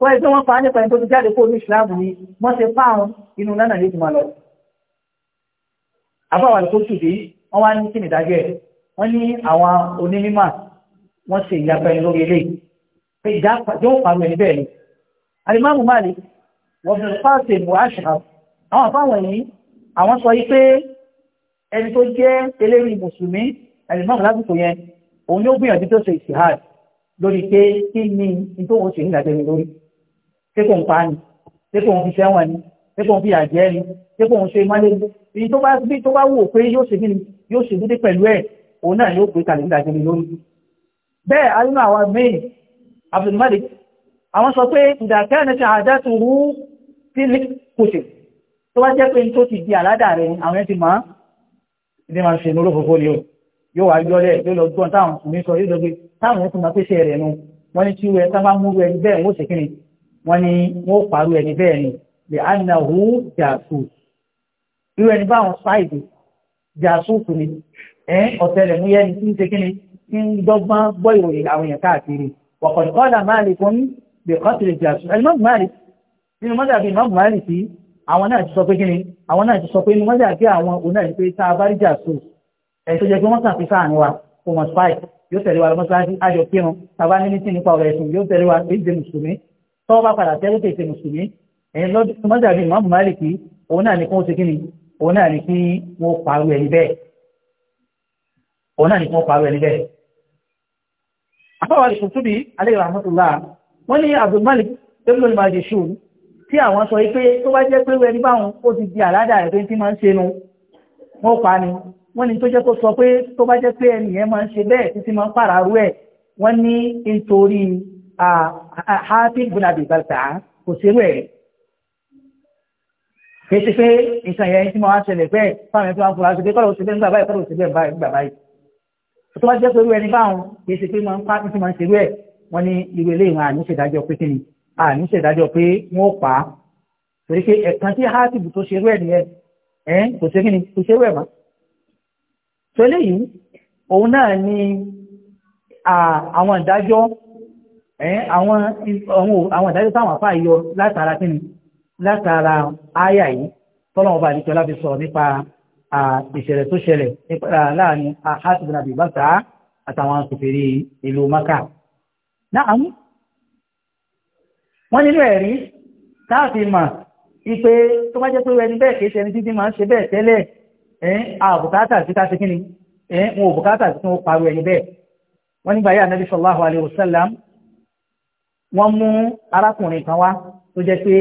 S1: wọ́n ẹgbẹ́ wọn pa nípa ẹni tó ti jáde kó ní ìsìláàmù ni wọ́n ṣe fáwọn inú náà yóò ti máa lọ. àbáwà tó tù dé wọ́n wá ní kí nìdájọ́ ẹ̀ wọ́n ní àwọn onímọ̀ wọ́n ṣe ìyapa ẹni lórí eléyìí pé ìjà yóò parọ́ ẹni bẹ́ẹ̀ ni. alimamu Malik wọ́n fi fáṣẹ̀ mú àṣà àwọn àfáwọn yìí àwọn sọ yìí pé ẹni tó jẹ́ eléyìí mùsùlùmí alimamu lásìkò yẹn òun yóò gbìyànjú tó ṣe ìṣìhàd lórí pé kí ni ìtòwòsè nígbàdéni lórí ṣé kò ń pa ni ṣé kò ń fi sẹ́wọ̀n ni ṣé kò ń fi àjẹ́ ni ṣé kò ń ṣe mọ́lẹ́ ni èyí tó bá bí tó bá wò pé yóò ṣe kíni yóò ṣe dédé pẹ̀lú ẹ̀ òun náà yóò gbé kalẹ̀ nígbàgbé mi lórí. bẹ́ẹ̀ arínú àwọn míì Abdulmalik àwọn sọ pé ìdàkẹ́rin ti àdá tó rú sí ní kùsì tó bá jẹ́ pé tó ti di àládà rẹ̀ ni àwọn ẹ̀ ti máa ilé máa ṣe lóró fòfó ni o yóò wá yọlẹ̀ yóò lọ gbọ́n táwọn ọkùnrin sọ yóò lọ gbé táwọn ọkùnrin máa pèsè rẹ̀ nu wọ́n ní tí wọ́n ẹ̀ mú rẹ̀ bẹ́ẹ̀ wọ́n ṣèkìrìn wọ́n ní wọ́n pàrọ̀ ẹni bẹ́ẹ̀ ni the anahu jasus irú ẹni báwọn ṣáìdì jasus ni ẹ̀ ọ̀tẹlẹ̀múyẹ́ ni tí ń ṣe kí ni tí ń dọ́gbọ́n gbọ́ ìròyìn àwọn èèyàn káàkiri wọ̀kọ̀dùkọ́dà Malik ní the country jasus ẹ̀lmọ́ Malik nínú mọ́tà bíi mọ́mù Malik sí àwọn náà ti sọ pé kí ni àwọn náà ti sọ pé mọ́tà bí àwọn òun náà pé tá a bá rí jasus ẹ̀ tó jẹ́ pé wọ́n kàn sáà ní wa kò mọ̀ spike yóò tẹ̀lé wa lọ́mọ́sáájú àjọ kírun tàbá ní sí nípa ọ̀rọ̀ ẹ̀sùn yóò tẹ̀lé wa èyí jẹ́ mùsùlùmí tọ́wọ́ bá padà jẹ́ lókè ṣe mùsùlùmí ẹ̀yìn lọ́dún tó mọ́jà bíi mọ́mù máàlìkì òun náà ni kó ṣe kíni òun náà ni kí wọ́n parú ẹni bẹ́ẹ̀ òun náà ni kí wọ́n parú ẹni bẹ́ẹ̀. àbáwọlì kùtùbí alẹ́ rahmatullah wọ́n ní abdulmalik tẹ́lifíwọ́n máa ṣe ṣùn tí àwọn sọ pé tó bá jẹ́ pé ẹni báwọn ó ti di àládà rẹ̀ pé tí máa ń ṣe nu wọ́n pa ni wọ́n ní tó jẹ́ kó sọ pé tó bá jẹ́ pé ẹnìyẹn máa ń ṣe bẹ́ẹ̀ títí máa ń pàràrú ẹ̀ wọ́n ní nítorí Ah, ah, hafi bin abi balta kò sí rẹ̀ kéṣe pé ìtàn yẹn tí mo wá ṣẹlẹ̀ pé fáwọn ẹ̀fọ́ àfúrà ṣe pé kọ́lọ̀ òṣèlú nígbà báyìí kọ́lọ̀ òṣèlú báyìí nígbà báyìí tó bá jẹ́ pé irú ẹni báwọn kéṣe pé máa ń pa títí máa ń ṣerú ẹ̀ wọ́n ní irú eléyìí wọn àní ṣèdájọ́ pé kíni àní ṣèdájọ́ pé wọ́n pa á torí pé ẹ̀kan tí hátìbù tó ṣerú ẹ̀ nìyẹn kò ṣe kíni kò ṣerú ẹ̀ mọ́ tó eléyìí òun náà ni àwọn ìdájọ́ àwọn ìdájọ́ táwọn àfáà yọ látara kíni látara áyà yìí tọ́lọ́ ọba àdìsọ́ láti sọ nípa ìṣẹ̀lẹ̀ tó ṣẹlẹ̀ láàrin ahásùbùn àbíbáṣà àtàwọn kòfèrè ìlú maka. náà wọ́n nínú ẹ̀rí táàfin mà ipe tó bá jẹ́ pé ẹni bẹ́ẹ̀ kìí ṣe ẹni títí máa ń ṣe bẹ́ẹ̀ tẹ́lẹ̀ ẹ̀ẹ́n àbùkátà sí ká ṣe kíni ẹ̀ẹ́n wọn òbùkátà sí kí wọ́n parọ́ ẹni wọ́n mú arákùnrin kan wá tó jẹ́ pé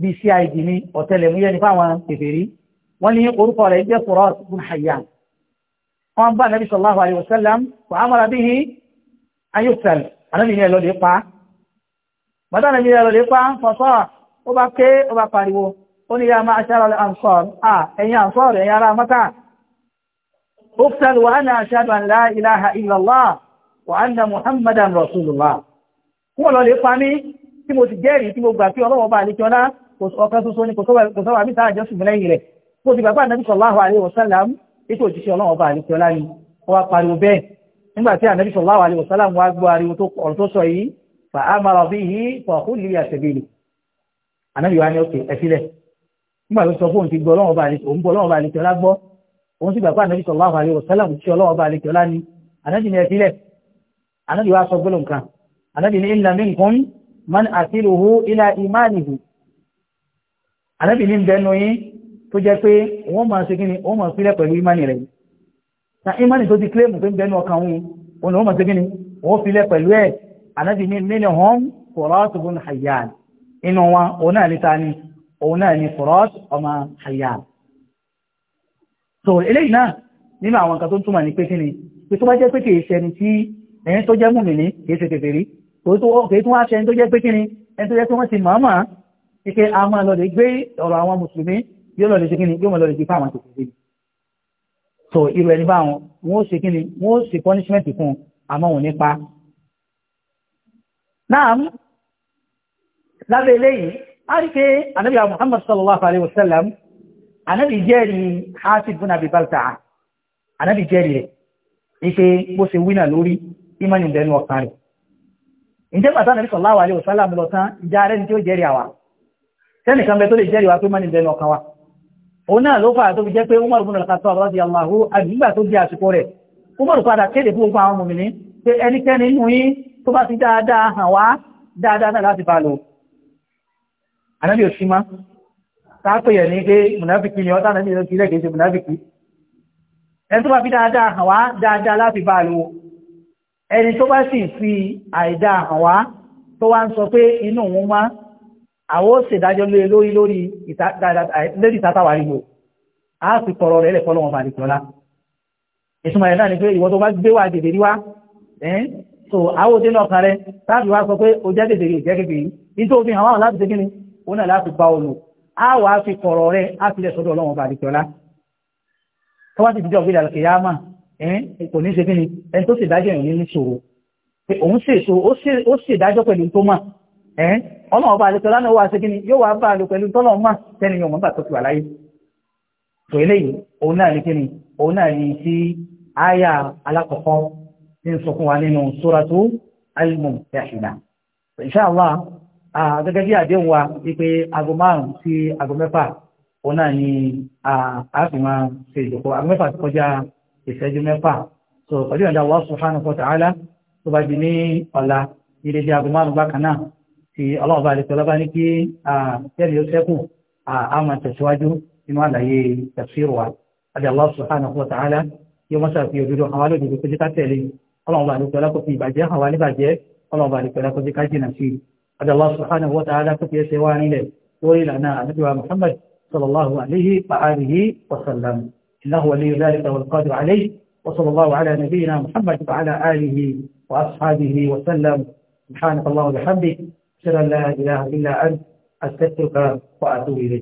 S1: bíi cid ni ọ̀tẹlẹ̀múyẹ́ ní fáwọn kèfèrí wọ́n ní orúkọ rẹ̀ jẹ́ furat bin hayyan wọ́n bá nàbí sallallahu alayhi wa sallam kò amara bihi an yuqtal ànábì ní ẹlọ́dẹ̀ pa bàtà nàbí ní pa fọ́sọ́ ó bá ké ó bá pariwo ó ní ya ma'ashara al-ansar à ẹ̀yin ansar ẹ̀yin ará mọ́ta uqtal wa ana ashhadu an ilaha illallah wa muhammadan rasulullah wọ́n lọ lè pa mí tí mo ti jẹ́rìí tí mo gbà pé ọlọ́wọ́ bá àlejò ọlá ọ̀kan tuntun ni kò sọ́wọ́ àmì sáà jọ́sùn lẹ́yìn rẹ̀ mo ti gbàgbà nàbí sallallahu alaihi wasallam ètò òjíṣẹ́ ọlọ́wọ́ bá àlejò ọlá ni ó wá pariwo tí ànàbí sallallahu alaihi wasallam wá gbọ́ ariwo ọ̀rọ̀ tó sọ yìí fa amara bihi fa khulliya sabili ànàbí wa ni ó ẹ sílẹ̀ nígbà tó sọ fóun ti gbọ́ ọlọ́wọ́ bá àlejò òun gbọ́ ọlọ́wọ́ bá àlejò ọlá gbọ́ òun sì gbàgbà ànàbí sallallahu alaihi wasallam òjíṣẹ́ ọlọ́wọ́ bá àlejò ọlá ni ànàbí ni ẹ sílẹ̀ ànàbí anábì ní illa minkum man asiluhu ila imanihi anábì ní bẹnu yín tó jẹ́ pé wọ́n máa ṣe kíni wọ́n máa fílẹ̀ pẹ̀lú imani rẹ̀ na imani tó ti kílẹ̀mù pé bẹnu ọkàn òun òun wọ́n máa ṣe kíni wọ́n fílẹ̀ pẹ̀lú ẹ̀ anábì ní minhum furatun hayyan inú wọn òun náà ní ta ni òun náà ni hayyan so eléyìí nínú àwọn nǹkan tó ń túmọ̀ ní pé kíni pé tó bá jẹ́ pé kìí ṣẹni tí ẹ̀yìn tó jẹ́ mùmìnì kìí ṣe kèfèrí òkè tún wá ṣe ẹni tó jẹ́ pé kí ni ẹni tó jẹ́ pé wọ́n ti mọ̀ọ́mọ̀ ike àwọn ọlọ́dẹ gbé ọ̀rọ̀ àwọn mùsùlùmí yóò lọ́dẹ ṣe kí ni yóò so irú ẹni báwọn wọ́n ṣe kí ni punishment fún àmọ́ wọn nípa náà lábẹ́ eléyìí a rí pé anabi muhammad sallallahu Alaihi Wasallam sallam anabi jẹ́rìí hasid bin abi balta'a anabi jẹ́rìí rẹ̀ ike bó ṣe wí náà lórí imani bẹnu ọkàn rẹ̀ ǹjẹ́ bàtà nàbí sallallahu alaihi wasallam lọ tán ìjà rẹ̀ ní tí ó jẹ́rìí àwa tẹ́nìkan bẹ tó lè jẹ́rìí wa pé mọ́ni bẹnu ọkàn wa òun náà ló fà tó fi jẹ́ pé Umar ibn al-Khattab radiyallahu anhu nígbà tó di àsìkò rẹ̀ Umar padà kéde fún gbogbo àwọn mòmìnì pé ẹnikẹ́ni inú yín tó ni ọ̀tá ànábì òsì rẹ̀ kìí ṣe mùnáfìkì ẹni tó bá fi dáadáa hàn wá dáadáa láti bá lò ẹni tó bá sì fi àìdá hàn wá tó wá ń sọ pé inú òun má àwọn ṣèdájọ́ lé lórí lórí ìtàtàwà ìlò a sì kọ̀rọ̀ rẹ̀ lẹ̀kọ́ lọ́wọ́ bàdì tọ́lá ìtumọ̀ ẹ̀ náà ni pé ìwọ tó bá gbé wà dèdè rí wá so àwọn òṣèlú ọkàn rẹ láti wá sọ pé o jẹ́ dèdè rí ìjẹ́ kékeré ní tó fi hàn wá láti ṣe kíni ó náà láti bá olù a wà á fi kọ̀rọ̀ rẹ̀ á fi lẹ̀ sọ́dọ̀ ọlọ́wọ́ bàdì tọ́lá tó bá ti dìjọ́ gbé ẹ̀ kò ní ṣe kí ni ẹni tó ṣèdájọ́ yẹn ní ṣòro pé òun ṣèṣò ó ṣèdájọ́ pẹ̀lú tó mà ẹ̀ ọmọ ọba àlùkọ́ lánàá wà ṣe kí ni yóò wá bá àlù pẹ̀lú tọ́lọ̀ mà tẹ́ni yóò mọ̀ tó ti wà láyé tó eléyìí òun náà ní kí ni òun náà ní sí àyà alákọ̀ọ́kọ́ ní sọ fún wa nínú suratu al-Mumtahina insha Allah gẹ́gẹ́ bí àdéhùn wa wípé aago márùn-ún sí aago mẹ́fà òun náà ní àáfìmá ṣe aago mẹ́fà kọjá ìṣẹ́jú mẹ́fà so pẹ̀lú ìyọ̀ǹda Allah subhanahu wa ta'ala tó bá di ní ọ̀la ilé di aago márùn bákan náà tí ọlọ́run bá lè tọ́lá bá ní kí tẹ́lẹ̀ yóò sẹ́kù àmà tẹ̀síwájú nínú àlàyé tafsir wa àti Allah subhanahu wa ta'ala yóò mọ́sà fi òdodo àwọn alódodo tó jẹ́ ká tẹ̀lé ọlọ́run bá lè tọ́lá kó fi ìbàjẹ́ àwọn alíbàjẹ́ ọlọ́run bá إنه ولي ذلك والقادر عليه وصلى الله على نبينا محمد وعلى آله وأصحابه وسلم سبحانك الله وبحمدك أشهد أن لا إله إلا أنت أستغفرك وأتوب إليك